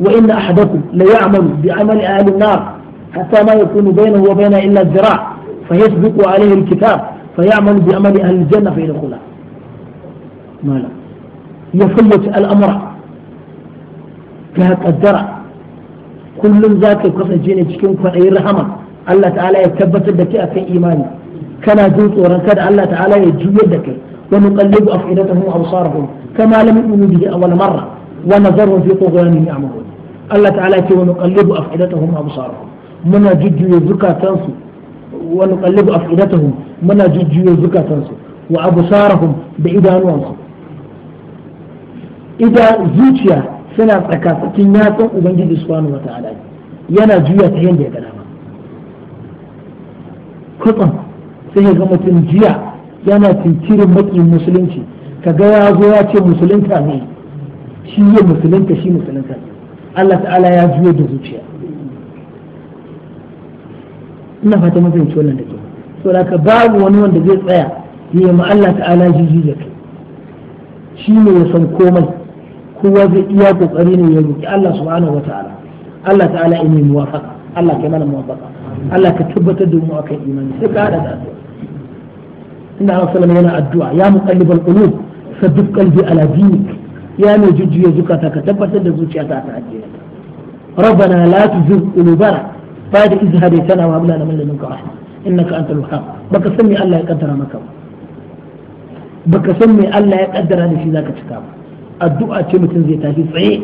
وإن أحدكم ليعمل بعمل أهل النار حتى ما يكون بينه وبينها إلا ذراع فيسبق عليه الكتاب فيعمل بعمل أهل الجنة فيدخلها ما لا يفلت الأمر كهكذا كل ذاك كفر جيني تشكين كفر أي رحمة Allah ta'ala ya tabbatar da kai kan imani kana jin tsoron kada Allah ta'ala ya juyar da kai wa nuqallibu afidatahum wa absarahum kama lam yu'minu bihi awwal marra wa nadharuhum fi tughyanihim ya'mahun Allah ta'ala ya ce wa nuqallibu afidatahum wa absarahum muna jujjuya zukatansu wa nuqallibu afidatahum muna jujjuya zukatansu wa absarahum da idanuwansu ida zuciya suna tsakatsakin yatsun ubangiji subhanahu wa ta'ala yana juya ta yanda ya gana kwatsam sai ya gama tun jiya yana tinkirin makin musulunci kaga ya zo ya ce musulunta ne shi ya musulunta shi musulunta ne Allah ta'ala ya juya da zuciya ina fata mun fahimci wannan da ke da ka babu wani wanda zai tsaya ya ma Allah ta'ala jiji da kai shi ne ya san komai kowa zai iya kokari ne ya roƙi Allah subhanahu wataala Allah ta'ala ya nemi muwafaqa Allah kai mana muwafaqa Allah ka tabbatar da mu akan imani sai ka hada da addu'a inda Allah sallama yana addu'a ya muqallibal qulub sabbit qalbi ala dinik ya mai jujjuya zukata ka tabbatar da zuciyata ta addini ربنا لا تزغ قلوبنا بعد إذ هديتنا وهب لنا من لدنك رحمة إنك أنت الوهاب بك سمي الله يقدر مكا بك سمي الله يقدر هذا في ذاك الكتاب الدعاء تمتن زي تاشي صحيح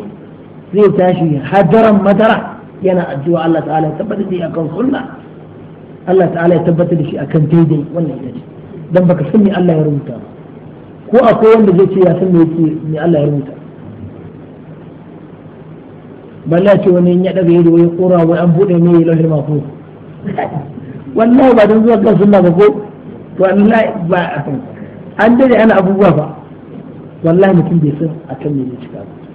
زي تاشي هدرا مدرا yana addu'a Allah ta'ala ya tabbata da shi akan sunna Allah ta'ala ya tabbata da shi akan daidai wannan ita ce dan baka san me Allah ya rubuta ko akwai wanda zai ce ya san me yake me Allah ya rubuta balla ce wani ya daga yadda wai kora wai an bude ne lahir mafu wallahi ba don zuwa kan sunna ba ko wallahi ba an dade ana abubuwa ba wallahi mutum bai san akan me ne cika ba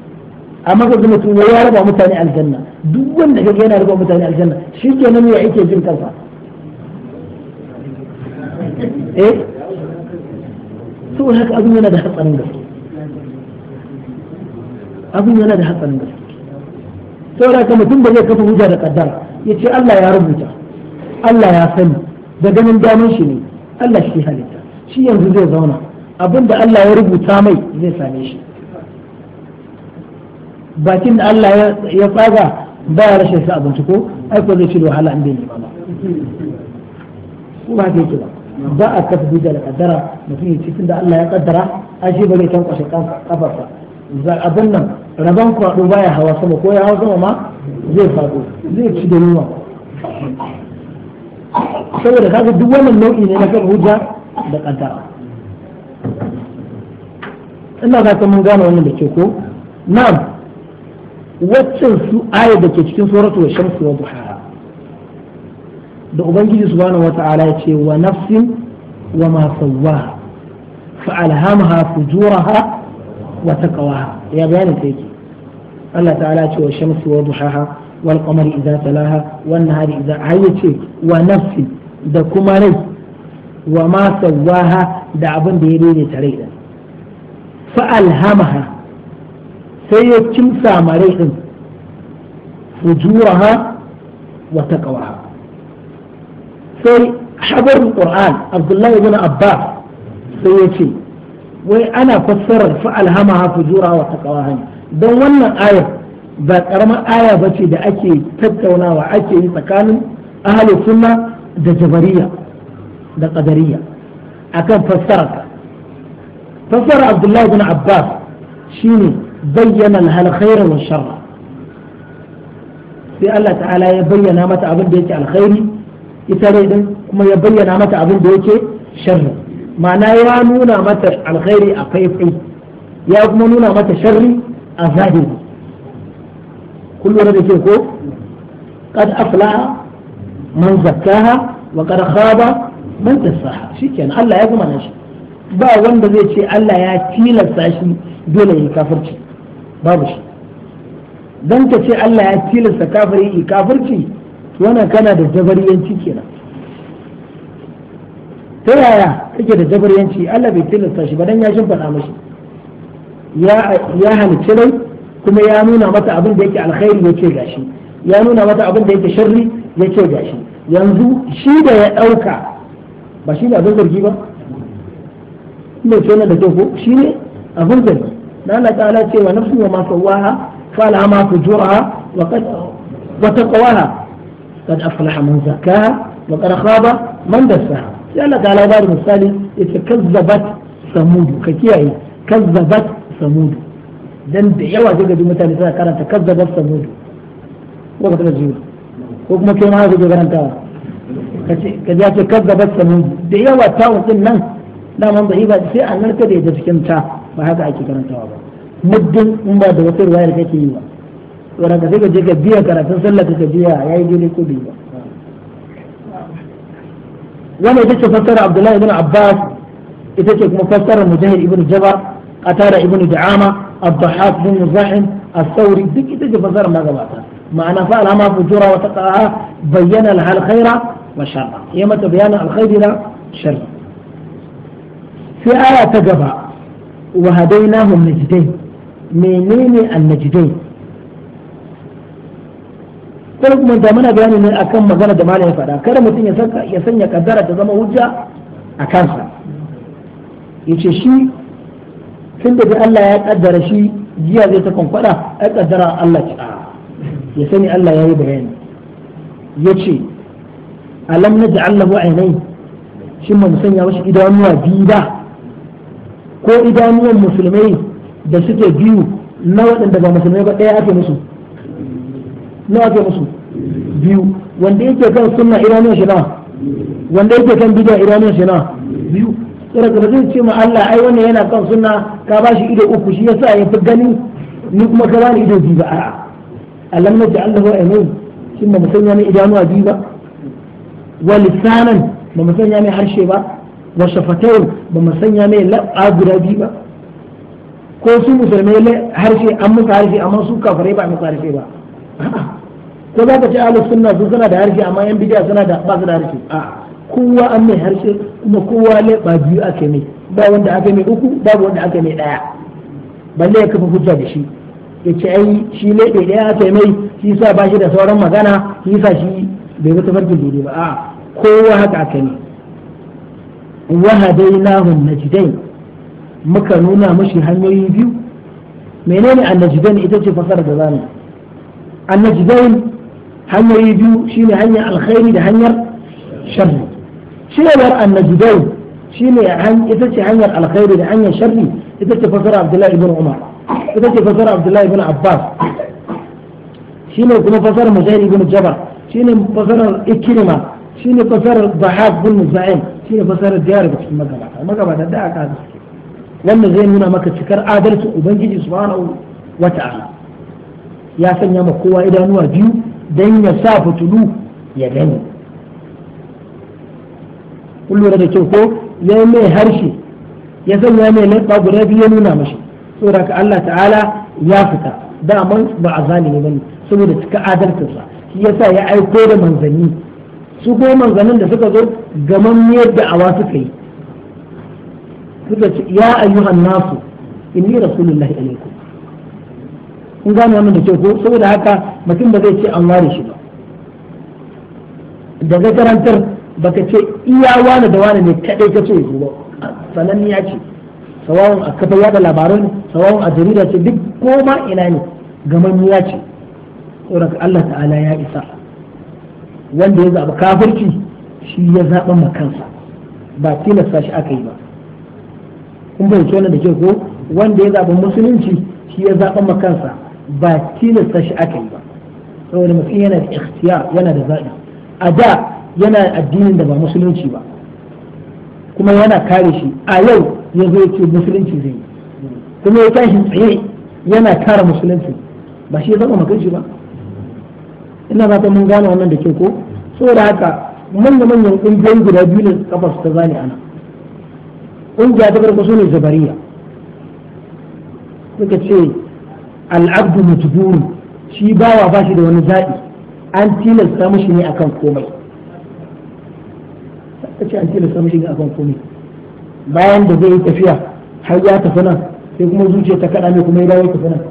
amma ka zama tuwa ya raba mutane aljanna duk wanda ka yana raba mutane aljanna shi ke nan ya ake jin kansa eh to haka abin yana da hatsarin gaske abin yana da hatsarin gaske saboda haka mutum ba zai kafa hujja da kaddara ya ce Allah ya rubuta Allah ya sani da ganin damin shi ne Allah shi halitta shi yanzu zai zauna abin da Allah ya rubuta mai zai same shi bakin da Allah ya tsaga ba ya rashin sa abinci ko aiko zai ci da wahala in bai nema ba ba ke ba ba a kafa bi da kaddara mutum ya cikin da Allah ya kaddara a shi bare kan kwashe kafarsa za abin nan rabon kwado baya hawa sama ko ya hawa sama ma zai faɗo zai ci da yunwa saboda kaga duk wannan nau'i ne na kan hujja da kaddara ina ga mun gane wannan da ke ko na'am waccan su aya da ke cikin suratu wa shamsu wa duha da ubangiji subhanahu wata'ala ya ce wa nafsin wa ma sawwaha fa alhamaha fujuraha wa taqwaha ya bayanin ta yake Allah ta'ala ce wa shamsu wa duhaha wal qamari idza talaha wan nahari idza ce wa nafsin da kuma rai wa ma sawwaha da abin da ya daidaita rai fa alhamaha sai ya kimsa marai din fujuraha wa taqwaha sai habarin qur'an abdullahi ibn abbas sai ya ce wai ana fassarar fa'al hamaha fujuraha wa taqwaha don wannan ayar ba karamar aya ba ce da ake tattaunawa ake yi tsakanin ahli sunna da jabariya da qadariya akan fassara fassara abdullahi bin abbas shine bayyana alkhaira wa sharra sai Allah ta'ala ya bayyana mata abin da yake alkhairi ita ne din kuma ya bayyana mata abin da yake sharri ma'ana ya nuna mata alkhairi a faifai ya kuma nuna mata sharri a zahiri kullum da ke ko qad aflaha man zakkaha wa qad khaba man dassaha shikenan Allah ya gama nan shi ba wanda zai ce Allah ya tilasta shi dole ya kafirci babu shi don ka ce Allah ya tilasta kafiri yi kafirci wannan kana da jabariyanci kenan ta yaya kake da jabariyanci Allah bai tilasta shi ba dan ya faɗa mashi ya halicci rai kuma ya nuna mata abin da yake alkhairi ya ce gashi ya nuna mata abin da yake sharri ya ce gashi yanzu shi da ya dauka ba shi ne abin zargi ba ina ce da ke ko shi ne abin zargi da Allah ta'ala ce wa nafsu wa ma sawaha fala ma fujuraha wa qad wa taqwaha qad aflaha man zakkaha wa qad khaba man dassaha sai Allah ta'ala ba da misali yace kazzabat samudu ka kiyaye kazzabat samudu dan da yawa daga mutane suna karanta kazzabat samudu ko ka ta jiwa ko kuma kai ma ka je karantawa ka ji ake kazzabar samun da yawa ta din nan daman da iba sai an narka da ita cikin ta ba haka ake karantawa ba muddin in ba da wata riwayar kake yi ba wanda ka sai ka je ka biya karatun sallah ka biya yayi daidai ko bai ba wannan ita ce fassara Abdullahi ibn Abbas ita ce kuma fassara Mujahid ibn Jabar Qatada ibn Du'ama Abdahab ibn Muzahim As-Sauri duk ita ce fassara magabata ma'ana fa alama fujura wa taqa'a bayyana al khaira wa sharra yayi mata bayanin alkhairi da sharri sai aya ta gaba wa hadainahum najdai menene annajdai kada kuma da mana bayani ne akan magana da malam ya faɗa kada mutum ya sanya kaddara ta zama hujja a kansa yace shi tun da Allah ya kaddara shi jiya zai ta kwankwada ya kaddara Allah ci ya sani Allah ya yi bayani yace alam naj'al lahu aynayn shin ba sanya mashi idanuwa biyu ba ko idanuwan musulmai da suke biyu na waɗanda ba musulmai ba ɗaya ake musu na ake musu biyu wanda yake kan sunna idanuwan shi na wanda yake kan bid'a idanuwan shi na biyu kada ka zai ce ma Allah ai wannan yana kan sunna ka ba shi ido uku shi yasa ya fi gani ni kuma ka bani ido biyu ba a'a alam Allah lahu aynayn shin ba mu sanya mai idanuwa biyu ba wa lisanan ba mu sanya mai harshe ba wa shafatayn ba mu sanya mai labba guda biyu ba ko su musulmai harshe an muka harshe amma su kafirai ba muka harshe ba ko za ka ce ahlus sunna su suna da harshe amma yan bid'a suna da ba su da harshe a kowa an mai harshe kuma kowa ba biyu ake mai ba wanda aka mai uku babu wanda aka mai ɗaya balle ya kafa hujja da shi ya ce ai shi leɓe daya ake mai shi sa ba shi da sauran magana shi sa shi bai wata farkin dole ba a kowa haka ake mai وهديناه النجدين muka nuna mashi hanyoyi biyu menene annajidain ita ce fasar da zamu annajidain hanyoyi biyu shine hanyar alkhairi da hanyar sharri shine annajidain shine ita ce hanyar alkhairi da hanyar sharri ita ce fasara abdullahi ibn umar ita ce fasara abdullahi ibn abbas shine kuma fasar mujahid ibn jabal shine fasarar ikrima shine fasarar bahab ibn zaim shi ne fasarar da cikin magabata magabata da aka da suke wannan zai nuna maka cikar adalci ubangiji subhanahu wata ta'ala ya sanya ma kowa idanuwa biyu dan ya sa fitulu ya gani kullum da kyau ko ya yi mai harshe ya sanya mai lamba guda biyu ya nuna mashi saboda ka Allah ta'ala ya fita da man ba a zalimi ne saboda cika adalcinsa shi yasa ya aiko da manzanni su kuma manzannin da suka zo da awa suka yi suka ce ya ayyuhan nasu inni rasulullahi alaikum In gane wannan da ke ko saboda haka mutum ba zai ce an ware shi ba daga karantar baka ce iya wane da wane ne kadai ka ce ba sanan ya ce sawawun a kafa yada labaran sawawun a jarida ce duk koma ina ne gamammiya ce saboda Allah ta'ala ya isa wanda ya zaɓi kafirci shi ya zaɓa ma kansa ba tilasta shi aka yi ba kun bai wannan da ke ko wanda ya zaɓi musulunci shi ya zaɓa ma kansa ba tilasta shi aka yi ba saboda mutum yana da ikhtiya yana da zaɓi a da yana addinin da ba musulunci ba kuma yana kare shi a yau ya zo ce musulunci zai yi kuma ya tashi tsaye yana kare musulunci ba shi ya zaɓa ma ba ina ba ta mun gane wannan da ke ko saboda haka manya manyan ƙungiyoyi guda biyu ne kafa su ta zane ana ƙungiya ta farko su ne jabariya suka ce al'abdu mutuburu shi bawa ba shi da wani zaɓi an tilasta mashi ne akan komai ta ce an tilasta mashi ne akan komai bayan da zai yi tafiya har ya tafi nan sai kuma zuciya ta kaɗa mai kuma ya dawo tafi nan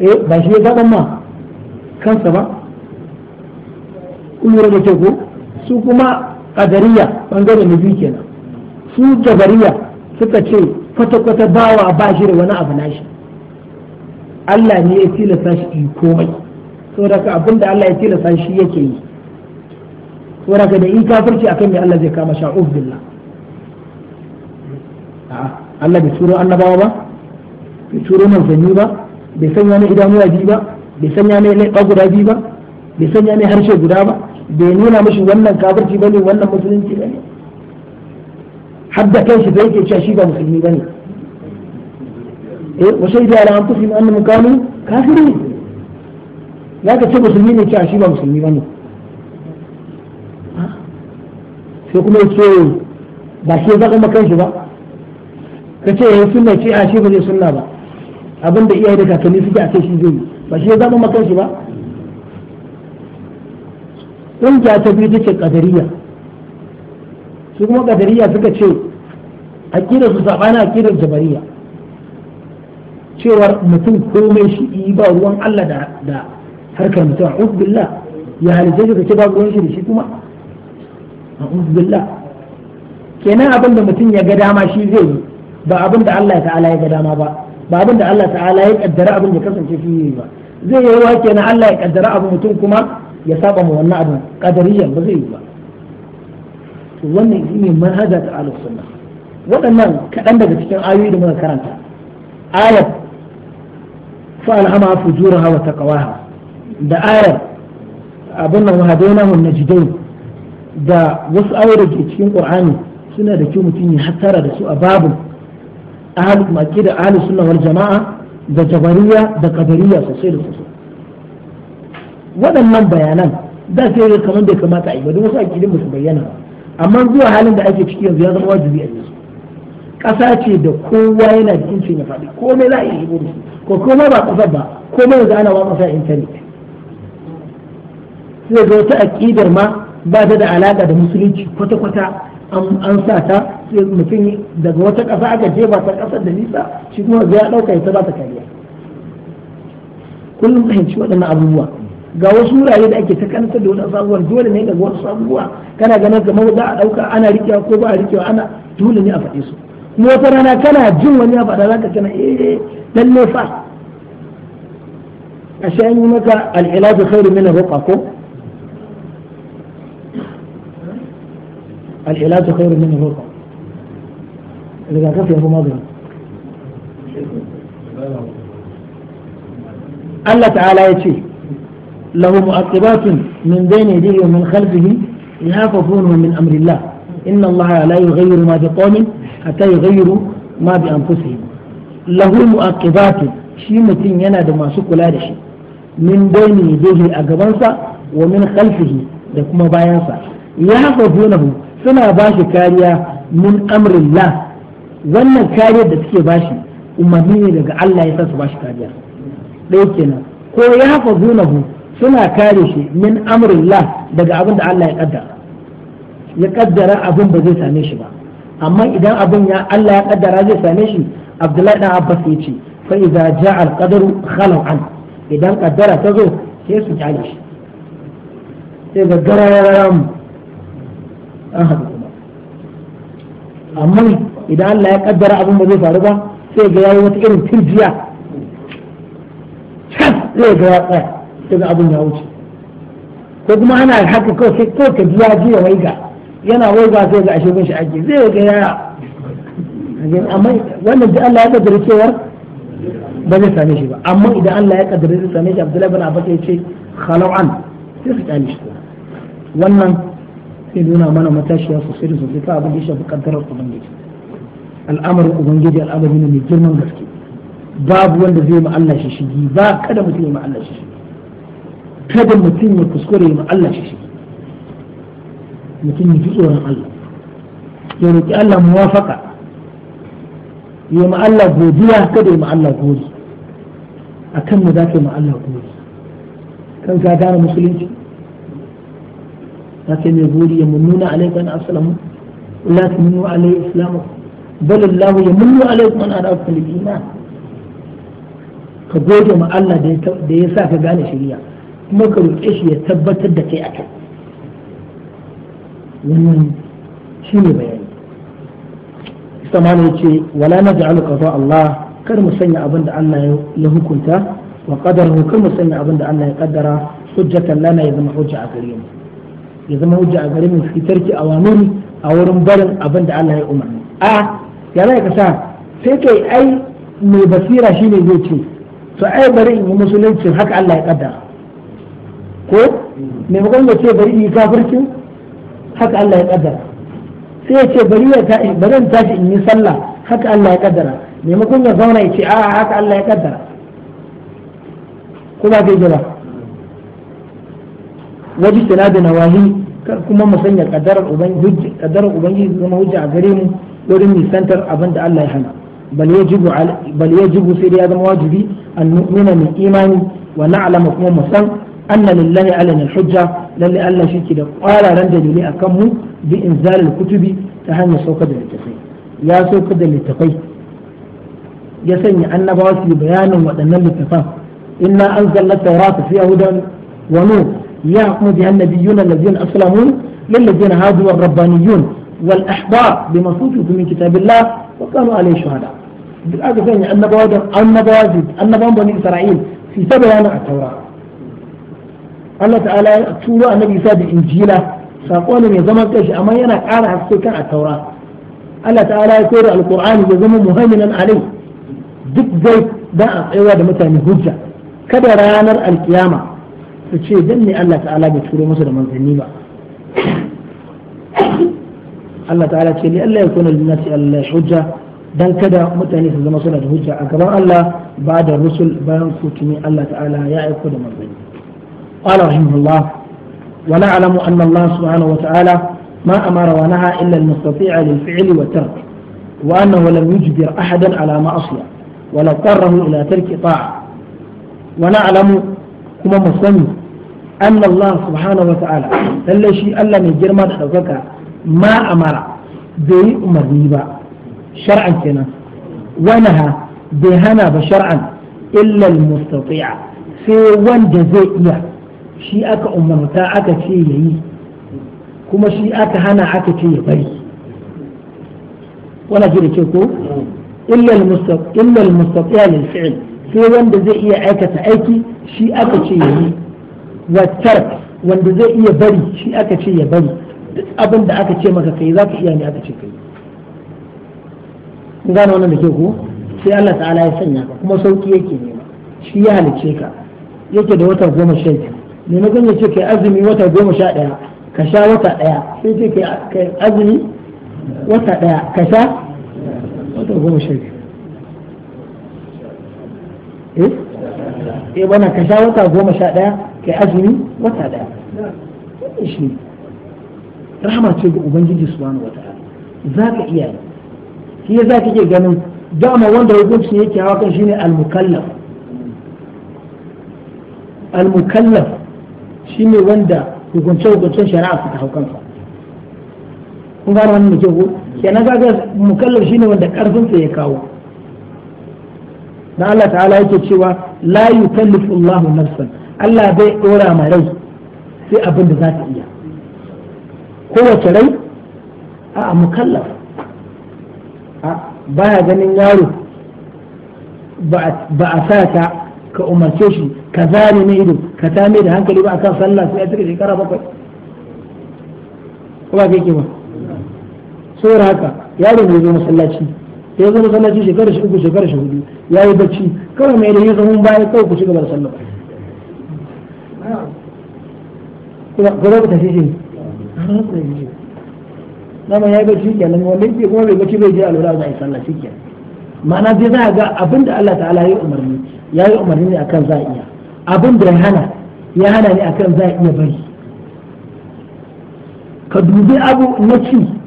eh ba shi ya zaɓan ma kansa ba kullum da ke su kuma ƙadariya bangare na biyu kenan su jabariya suka ce kwata-kwata bawa ba shi da wani abu nashi Allah ne ya tilasta shi yi komai saboda ka abin da Allah ya tilasta shi yake yi saboda ka da yi kafirci akan me Allah zai kama sha billah Allah bai turo annabawa ba bai turo manzanni ba bai sanya wani idanuwa ji ba bai sanya mai laifa guda biyu ba bai sanya mai harshe guda ba bai nuna mashi wannan kafirci ne wannan musulunci ne har da kanshi da ke cewa shi ba musulmi ba ne eh wa shaida ala anfusihim annahum kanu ya ka ce musulmi ne cewa shi ba musulmi ba ne ah. sai kuma yace ba shi zaka maka shi ba kace yi eh, sunna ce a shi ba zai sunna ba abinda iyaye da kakanni suke a kai shi zai yi ba shi ya zama makan shi ba ƙungiya ta biyu ta ce ƙadariya su kuma ƙadariya suka ce aƙidar su saɓani aƙidar jabariya cewar mutum komai shi yi ba ruwan Allah da harkar mutum a billah ya halice shi ce ba ruwan shi da shi kuma a billah kenan abin da mutum ya ga dama shi zai yi ba abin da Allah ta'ala ya ga dama ba ba abin da Allah ta'ala ya kaddara abin da kasance shi yi ba zai yi wa kenan Allah ya kaddara abu mutum kuma ya saba mu wannan abin kadariyan ba zai yi ba to wannan shine manhaja ta ahlus sunna waɗannan kaɗan daga cikin ayoyi da muka karanta ayat fa alhama fujuraha wa taqwaha da ayar abin nan hadainahu najdain da wasu ayoyi da ke cikin qur'ani suna da kyau mutum ya hasara da su a babu ahalus da ahalus sunna wal jama'a da jabariya da kadariya sosai da sosai waɗannan bayanan da sai ga kamar bai kamata a yi ba wasu akidin ba su bayyana amma zuwa halin da ake ciki yanzu ya zama wajibi a yi ƙasa ce da kowa yana da incin ya faɗi komai za a iya shigo da su ko komai ba ƙasar ba komai yanzu ana watsa sa intanet sai ga wata aƙidar ma ba ta da alaƙa da musulunci kwata-kwata an sa ta mutum daga wata ƙasa aka jefa ta ƙasar da nisa shi kuma zai ɗauka ita za ta kariya kullum fahimci waɗannan abubuwa ga wasu wurare da ake ta kanta da waɗansu abubuwa dole ne daga wasu abubuwa kana ganin kamar za a ɗauka ana rikewa ko ba a rikewa ana dole ne a faɗe su kuma wata rana kana jin wani ya faɗa za ka kana eh ne fa a sha yi maka al'ilatu khairu min ruqa ko al'ilatu khairu min ruqa rigakafi ya fi magani Allah ta'ala ya ce lahu mu'aqibatun min bayni yadihi wa min khalfihi yafafunahu min amrillah inna Allah la yughayyiru ma bi qawmin hatta yughayyiru ma bi anfusihim lahu mu'aqibatun shi mutum yana da masu kula da shi min bayni yadihi a gaban sa wa min khalfihi da kuma bayan bayansa yafafunahu suna ba shi kariya min Allah. wannan kariyar da suke bashi umarni ne daga Allah ya sa su bashi kariya ɗaya kenan ko ya zunahu suna kare shi min amrillah daga abin da Allah ya kaddara ya kaddara abin ba zai same shi ba amma idan abin ya Allah ya kaddara zai same shi Abdullahi dan Abbas ya ce fa idza ja al-qadaru an idan kaddara ta zo sai su kyale shi sai ga mu an haɗu kuma amma idan Allah ya kaddara abin da zai faru ba sai ga yayi wata irin turjiya cas zai ga ya tsaya sai ga abin ya wuce ko kuma ana haka ko sai kawai ka ji ya ji ya waiga yana waiga sai ga ashe gunshi ake zai ga ya amma wannan duk Allah ya kaddara cewar ba zai same shi ba amma idan Allah ya kaddara zai same shi Abdullahi bin Abbas ya ce khala'an sai su kyale shi wannan sai nuna mana matashiya sosai da sosai ta abin da ya shafi kaddarar ubangiji al'amarin ubangiji al'amari ne mai girman gaske babu wanda zai ma Allah shi shigi ba kada mutum ya ma Allah shi shigi kada mutum ya kuskure ma Allah shi shigi mutum ya ji tsoron Allah ya roƙi Allah muwafaka ya ma Allah godiya kada ya ma Allah godi a kan mu za ka ma Allah godi kan ka gane musulunci za ka mai gori ya mummuna alaikan asalamu la nuna alai Islamu. bal ya munnu alaikum an arakum bil iman ka gode ma Allah da ya sa ka gane shari'a kuma ka roƙe shi ya tabbatar da kai akan wannan shine bayani istamana yace wala naj'alu qada Allah kar mu sanya abin da Allah ya hukunta wa qadarahu kar mu sanya abin da Allah ya kaddara hujjatan lana ya zama hujja a gare mu ya zama a gare mu a wurin barin abin da Allah ya umarni ya zai ka sa sai kai ai mai basira shine zai ce to ai bari in yi musulunci haka Allah ya kaddara ko maimakon da ce bari in yi kafircin haka Allah ya kaddara sai ya ce bari ya ta bari ta tashi in yi sallah haka Allah ya kaddara maimakon da zauna ya ce a haka Allah ya kaddara ko ba zai ba wajen tana da nawahi kar kuma mu sanya kadarar ubangiji kadarar ubangiji zama hujja a gare mu wurin nisantar abin da Allah ya hana bal yajibu bal yajibu sai da ya zama wajibi an nu'mina min imani wa na'lamu kuma mu san anna lillahi alaina al-hujja lalle Allah shi ke da kwararan dalili akan mu bi inzalil kutubi ta hanyar saukar da littafai ya saukar da littafai ya sanya annabawa su bayanin waɗannan littafan inna anzalna tawrata fi hudan wa nur يحكم بها النبيون الذين أسلموا للذين هادوا الربانيون والأحبار بما أوتوا من كتاب الله وكانوا عليه شهداء بالآية الثانية النبوات النبوات النبوات بني إسرائيل في سبع التوراة Allah ta'ala ya turo annabi Isa da Injila sako ne mai zama kashi amma yana ƙara haske kan a taura Allah ta'ala ya koyar al-Qur'ani ya zama muhaiminan alai duk zai dan a tsayowa da mutane hujja kada ranar alkiyama su ce dan ne Allah ta'ala bai turo masa da manzanni ba Allah ta'ala ce li Allah ya kuna nasi Allah hujja dan kada mutane su zama suna da hujja a gaban Allah ba da rusul bayan kutumi Allah ta'ala ya aiko da manzanni قال رحمه الله ونعلم أن الله سبحانه وتعالى ما أمر ونهى إلا المستطيع للفعل والترك وأنه لم يجبر أحدا على معصية ولا اضطره إلى ترك طاعة ونعلم kuma mu sani Allah subhanahu wataala lallai shi Allah mai girma da ɗaukaka ma amara bai yi umarni ba shar'an kenan wani ha bai hana ba shar'an illal mustaqi'a sai wanda zai iya shi aka umarta aka ce kuma shi aka hana aka ce ya bari wani illal mustaqi'a lil fi'l sai wanda zai iya aikata aiki shi aka ce ya yi wattar wanda zai iya bari shi aka ce ya bari duk abin da aka ce maka kai za ka iya ne aka ce kai in gane wannan da ke ko sai Allah ta'ala ya sanya ka kuma sauki yake ne shi ya halice ka yake da wata goma sha biyu ne na ganye ce kai azumi wata goma sha ɗaya ka sha wata ɗaya sai ce kai azumi wata ɗaya ka sha wata goma sha biyu eh? eh wannan ka sha wata goma sha ɗaya yi azumi wata ɗaya wannan shi rahama ce ga ubangiji subhanahu wata'ala za ka iya shi ya za ka iya ganin dama wanda hukunci yake hawa kan ne al-mukallaf al-mukallaf ne wanda hukunce hukuncen shari'a suka hau kansa kun gano wani da ke ko kenan ga mukallaf shi ne wanda karfin ya kawo na Allah ta'ala yake cewa la yukallifu Allah nafsan Allah bai dora ma rai sai abin da za ta iya kowace rai a mukallaf baya ganin yaro ba a sa ta ka umarce shi ka zane na ido ka tame da hankali ba a kan sallah sai ya cika shekara bakwai ko ba ke ba saboda haka yaro ne zo masallaci ya zo masallaci shekara shi uku shekara shi hudu ya yi bacci kawai mai da yi zaman baya kawai ku ci gaba da sallah ko za ku tafi shi dama ya yi bacci nan wanda yake kuma bai bacci bai je alwala za a yi sallah shi ke ma'ana zai za a ga abin da Allah ta'ala ya yi umarni ya yi umarni ne akan za a iya abin da ya hana ya hana ne akan za a iya bari ka dubi abu na ci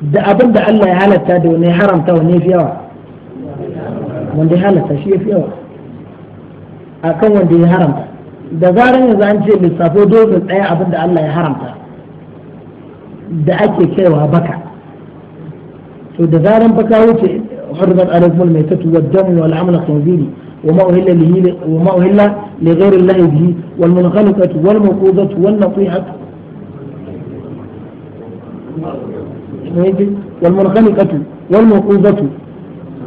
da abin da Allah ya halatta da wani haramta wani fi yawa wanda ya halatta shi ya fi yawa akan wanda ya haramta da zaran yanzu an ce lissafo dozin ɗaya abin da Allah ya haramta da ake kaiwa baka to da zaran baka wuce حرمت عليكم الميتة والدم والعمل الخنزيري وما أهل له وما أهل لغير الله به والمنخلقة والموقوذة والنطيحة والمنخنقة والموقوبة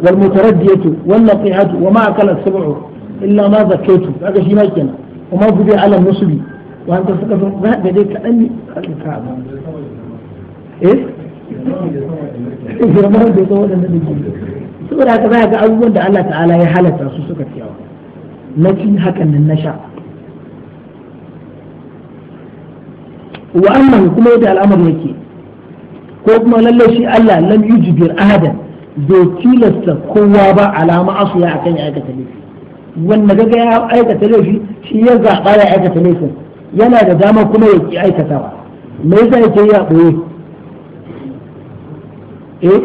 والمتردية والنقيعة وما أكل السبع إلا ما ذكيته هذا شيء ما كان وما بدي على النصب وأن تستقف إيه؟ إيه، هذا بديك أني الكعبة إيه؟ إذا ما يطول النبي سورة haka za ga abubuwan da Allah ta'ala ya halatta نجي هكا من النشاء na cin hakan الأمر na ko kuma lallai shi Allah lam yujbir ahadan bai tilasta kowa ba alama asuya akan ya aikata laifi wanda gaga ya aikata laifi shi ya zaɓa ya aikata laifin yana da dama kuma ya ki aikatawa me yasa yake ya ɓoye eh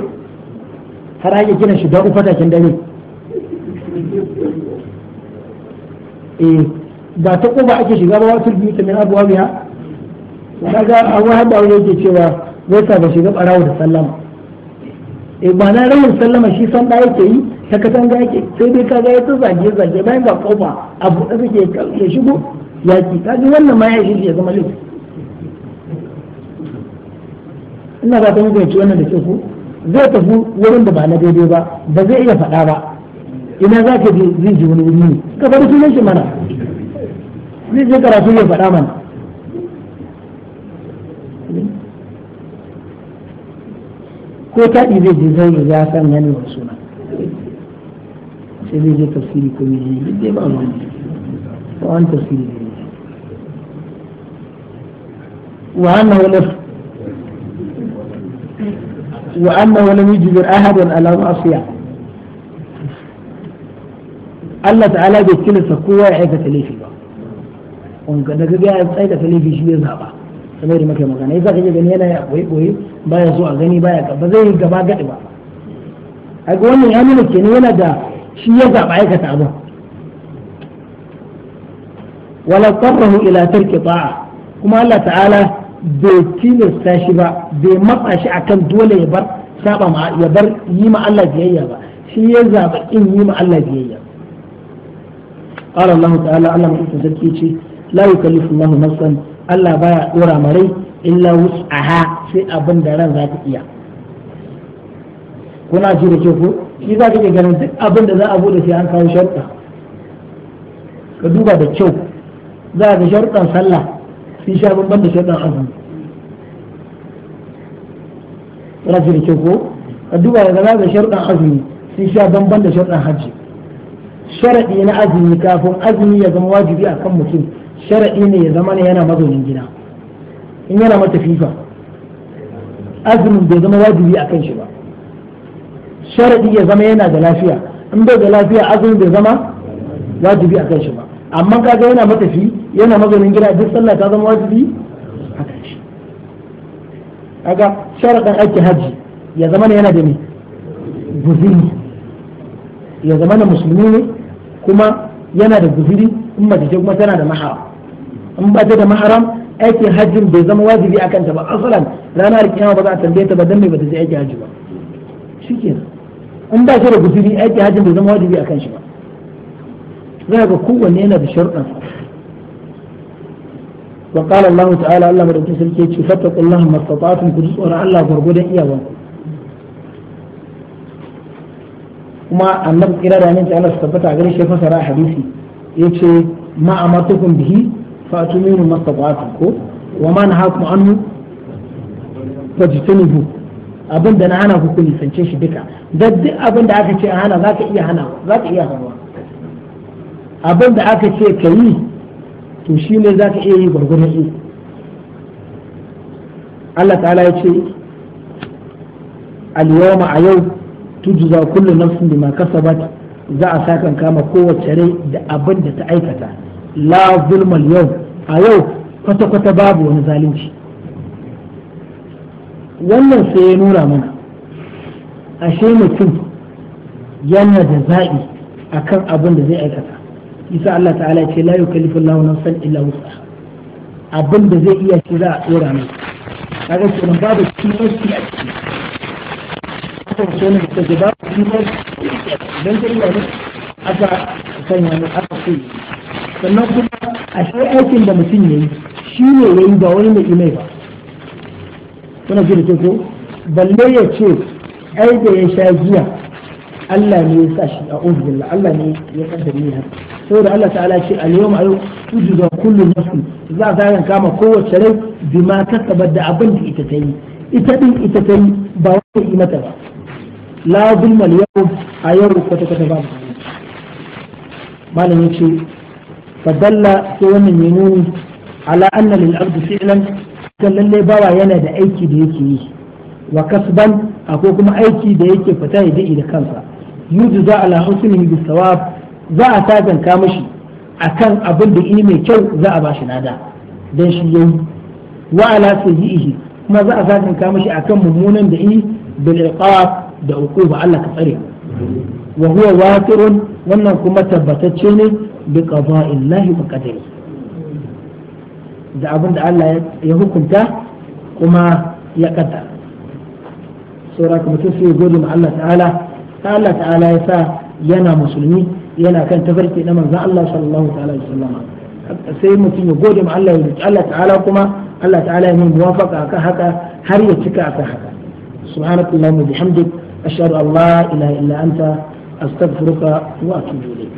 har ake kina shiga uku fatakin dare eh ba ta ko ba ake shiga ba wasu biyu ta min abuwa biya kaga an wahaba yake cewa yasa ba shiga barawo da sallama eh ba na rawar sallama shi san da yake yi ta ga yake sai dai kaga ya zage zage bayan ga kofa abu da suke ya shigo yaki kaji wannan ma ya shi ya zama laifi ina ba ta mu fahimci wannan da ke ku zai tafi wurin da ba na daidai ba ba zai iya faɗa ba ina za ka zai ji wani wuri ne ka bar sunan shi mana zai je karatu ya faɗa mana ko taɗi je zai ya san suna sai zai je tafsiri ko yi ba wani ba wani tafsiri ne wa wa ala Allah ta'ala bai tilasta kowa ya aikata laifi ba wanda daga ga ya tsaye da laifi shi ya zaba kamar mafi magana yasa kake gani yana ya boye boye baya so a gani baya ba zai yi gaba gadi ba a ga wannan ya nuna kenan yana da shi ya zaba aikata abin wala qarrahu ila tarki ta'a kuma Allah ta'ala bai tilasta shi ba bai matsa shi akan dole ya bar saba ma ya bar yi ma Allah biyayya ba shi ya zaba in yi ma Allah biyayya قال الله تعالى علم ان تزكيتي لا يكلف الله نفسا Allah baya dora marai illa wus'aha sai abin da ran za ta iya kuna ji da ke ko shi za ka ganin duk abin da za a bude sai an kawo sharuɗa ka duba da kyau za ka sharuɗan sallah sun sha bamban da sharuɗan azumi kuna ji da ke ko ka duba da za ka sharuɗan azumi sun sha bamban da sharuɗan hajji sharaɗi na azumi kafin azumi ya zama wajibi akan mutum sharaɗi ne ya zama ne yana mazaunin gida in yana matafifa azumin bai zama wajibi a kan shi ba sharaɗi ya zama yana da lafiya in bai da lafiya azumin bai zama wajibi a kan shi ba amma kaga yana matafi yana mazaunin gida duk sallah ta zama wajibi a kan shi kaga sharaɗin ake hajji ya zama ne yana da ne guzini ya zama ne musulmi ne kuma yana da guziri in mace ce kuma tana da mahawa in ba ta da maharam aikin hajjin bai zama wajibi a kanta ba asalan ranar kiyama ba za a tambaye ta ba dan me ba ta je aikin hajji ba shikenan in ba shi da guzuri aikin hajjin bai zama wajibi a kan shi ba za ga kowanne yana da sharuɗan wa qala Allah ta'ala Allah madaukakin sarki yace fattaqullaha mastata'tum ku tsora Allah gurgudan iyawan kuma annabi kira da nan Allah su tabbata gare shi fasara hadisi yace ma amartukum bihi fatu minu mastata'tum ko wa ma nahakum anhu fajtanibu abin da na hana ku ku nisance shi duka da duk abin da aka ce a hana zaka iya hana zaka iya hana abin da aka ce ka yi to shi ne za iya yi gwargwadon yi Allah ta'ala ya ce al-yawma a yau tujza kullu nafsin bima kasabat za a sakan kama kowace rai da abin da ta aikata la zulmal yau a yau kwata-kwata babu wani zalunci wannan sai ya nuna mana ashe mutum yana da zaɓi kan abin da zai aikata isa Allah ta'ala ce la yukallifu Allahu san illa wusa abin da zai iya shi za a tsora mai kaga nan babu kimanci a ciki kan so ne da babu kimanci dan sai ya aka sanya ne aka ce sannan kuma a shi aikin da mutum ya yi shi ne ya yi ba wani mai imai ba kuna ji da ko balle ya ce ai da ya sha giya Allah ne ya sa shi a ubillah Allah ne ya kaddara ni haka saboda Allah ta'ala ce al-yawma ayu tujza kullu nafsin za a zagan kama kowace rai bima kasabat da abin da ita ta yi ita din ita ta yi ba wani imata ba la zulma al a yau kwata kwata ba malamin ce fadalla sai wannan ya nuni ala anna lil lalle bawa yana da aiki da yake yi wa kasban akwai kuma aiki da yake fita ya da'i da kansa yujza ala husnihi bis sawab za a taganka mashi akan abin da yi mai kyau za a bashi nada dan shi yayi wa ala sayyihi kuma za a taganka mashi akan mummunan da yi bil iqab da uquba Allah ka tsare wa huwa waqirun wannan kuma tabbatacce ne bi qada'illahi wa qadari da abin da Allah ya hukunta kuma ya kaddara saura kuma mutum sai gode ma Allah ta'ala Allah ta'ala ya sa yana musulmi yana kan tafarki na manzon Allah sallallahu ta'ala wa wasallam sai mutum ya gode ma Allah ya roki Allah ta'ala kuma Allah ta'ala ya yi muwafaqa akan haka har ya cika akan haka subhanakallahumma bihamdik ashhadu an la ilaha illa anta astaghfiruka wa atubu ilayk